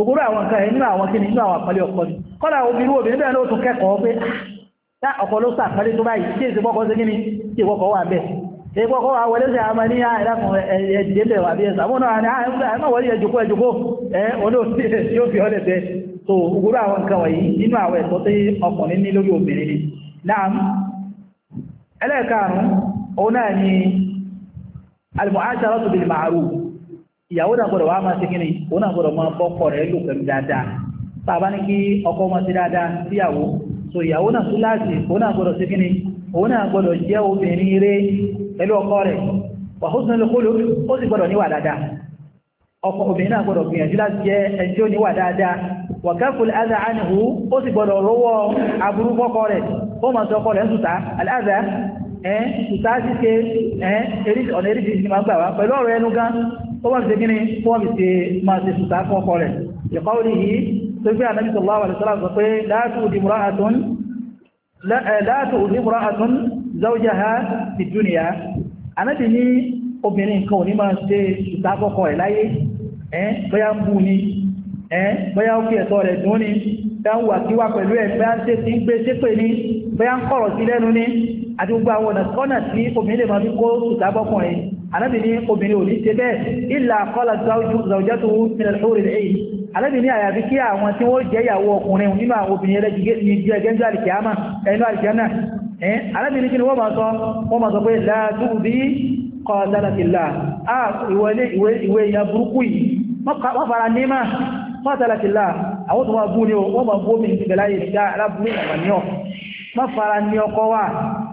uguru àwọn nǹkan ẹ̀ nínú àwọn kíni nínú àwọn àpẹẹlẹ ọkọ ni kọ́lá obìnrin obìnrin bẹ́ẹ̀ ló tún kẹ́kọ̀ọ́ pé tá ah, ọkọ̀ ló sàpẹ́lẹ tó báyìí tí èsì gbọ́kọ̀ sí kíni tí ìwọ́kọ̀ wà bẹ́ẹ̀ èyí gbọ́kọ̀ wà wọlé sí àmà ah, ní ah, ẹ̀dàkùn ẹ̀dìdé bẹ̀ wà bí ẹ̀sà àwọn náà ní ìyàwó náà wà wá máa ṣe kí òun bọ́kọ rẹ̀ pẹ̀lú dáadáa tá a bá ní ọkọ so ìyàwó náà tún láti òun náà ṣe kí òun jẹ́ obìnrin rẹ̀ pẹ̀lú ọkọ rẹ̀ ó sì gbọ́dọ̀ níwà dáadáa ọkọ obìnrin náà gbọ́dọ̀ gbìyànjú láti jẹ́ níwà dáadáa ó sì gbọ́dọ̀ aburú fọ́kọ rẹ̀ kó wọ́n fi ṣe kíni kó wọ́n fi ṣe máa ṣe sùtà fún ọkọ rẹ̀ ìkọ́wé yìí tó gbé ànábì sallallahu alaihi wasallam sọ pé láàtú òdìmúra àtún láàtú eh, òdìmúra àtún zawjaha fi dunya ànábì ní obìnrin kan ò ní máa ṣe sùtà fún ọkọ rẹ̀ láyé ẹ́ eh, ń bú ni ẹ́ eh, ó fi ẹ̀tọ́ rẹ̀ dún ni dáhùn àtiwá pẹ̀lú ẹ̀ bóyá ń ṣe ti ń gbé ṣépè ni bóyá ń kọ̀rọ̀ sí lẹ́nu ni àti gbogbo àwọn ọ̀nà tí obìnrin lè máa fi kó sùtà fọ́kùnrin alábìnrin obìnrin ò ní ṣe bẹ́ẹ̀ ìlà kọ́lá zaujatu min al-hur al-ayn alábìnrin àyàfi kí àwọn tí wọ́n jẹ́ ìyàwó ọkùnrin nínú àwọn obìnrin ẹlẹ́gbẹ̀ẹ́ ní jẹ́ gẹ́gẹ́ alìkìyàmà ẹnu alìkìyàmà alábìnrin kí ni wọ́n máa sọ wọ́n máa sọ pé láàdúrú bí kọ́ọ̀tàlàtìlà ìwé ìyà burúkú yìí wọ́n fara ní máa kọ́ọ̀tàlàtìlà àwọn tó mọ́fara ni ọkọ wà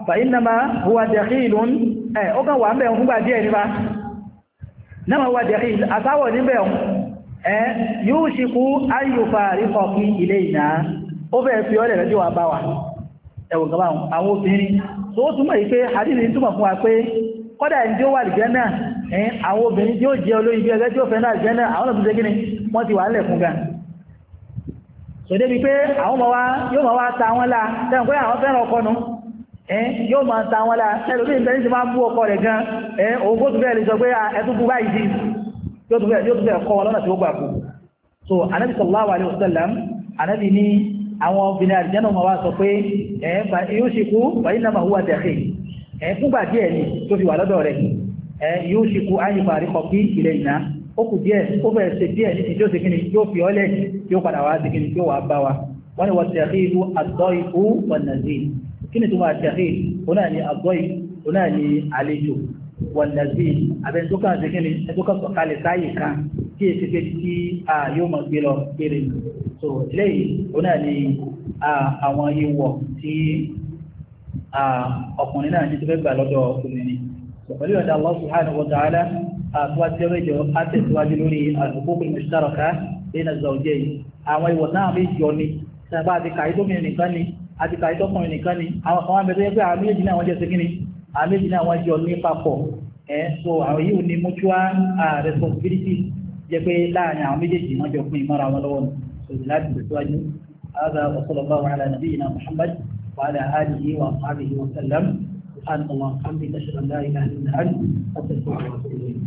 fàínàmà huwa dẹ̀kìlún ẹ̀ ó kàn wà ń bẹ̀rún fúngbà díẹ̀ nípa huwa dẹ̀kìl àtàwọ̀ níbẹ̀rún ẹ̀ eh ṣíkú ayòfà ríkọ̀kí ilé ìná ó bẹ̀rẹ̀ fi ọ́lẹ̀ rẹ́jọ́ wà bá wà gaba wa pé kọ́dà ẹni tí ó wà lìjẹ́ náà ẹ̀ àwọn obìnrin tí ó ti gan sòdé bíi pé àwọn ọmọ wa yóò máa wá ta wọn la sẹ́wọ̀n pé àwọn fẹ́ràn ọkọ nu ẹ yóò máa ta wọn la ẹlòmíì ìfẹ́ ti máa bú ọkọ rẹ̀ gan ẹ òun kó tún bẹ́ẹ̀ lè sọ pé ẹtún bu báyìí dìí yóò tún bẹ́ẹ̀ kọ́ wọn lọ́nà tí ó gbà kú so anabi sallallahu alayhi wa sallam anabi ní àwọn obìnrin àdìjẹ́nà ọmọ wa sọ pé ẹ yóò ṣe kú wàyí náà máa hùwà dẹ̀kẹ́ ẹ fúngbà díẹ̀ ni tó fi wà lọ́dọ̀ rẹ̀ ẹ yóò ṣe kú ayé parí kọ ó kù díẹ̀ ó bẹ̀rẹ̀ ṣe díẹ̀ níbi tí ó ṣe kíni yóò fi ọ́lẹ̀ yóò padà wá ṣe kíni yóò wá bá wa wọ́n ni wọ́n ti rí inú àgbọ̀ ikú wọ̀nàzí kí ni tó máa ti rí òun náà ni àgbọ̀ ikú òun náà ni àlejò wọ̀nàzí abẹ́ni tó kàn ṣe kíni ẹni tó kàn sáyè kan kí èsì pé tí a yóò mọ̀ gbé lọ kéré so eléyìí òun náà ni àwọn ìwọ̀ tí ọkùnrin náà ní tó fẹ́ gbà lọ́dọ̀ obìnrin pẹ̀lú ọ̀dà Allah subhanahu wa ta'ala àtúwájẹ́wẹ́jọ àtẹ̀síwájú lórí àlùkókò ìmọ̀sítàrọ̀ká lẹ́nà zàwùjẹ́ yìí àwọn ìwọ̀ náà mi jọ ni sábà àti kàídómìnì nìkan ni àti kàídọ́kùnrin nìkan ni àwọn kan wọn bẹ̀rẹ̀ pé àwọn méjì náà wọ́n jẹ́ sí kíni àwọn méjì náà wọ́n jọ ní papọ̀ ẹ̀ so àwọn yìí ò ní mutual responsibility jẹ́ pé láàrin àwọn méjèèjì wọ́n jọ pín mọ́ra wọn lọ́wọ́ so هذا وصلى الله على نبينا محمد وعلى آله وأصحابه وسلم سبحانك اللهم وبحمدك أشهد أن لا إله إلا أنت أستغفرك وأتوب إليك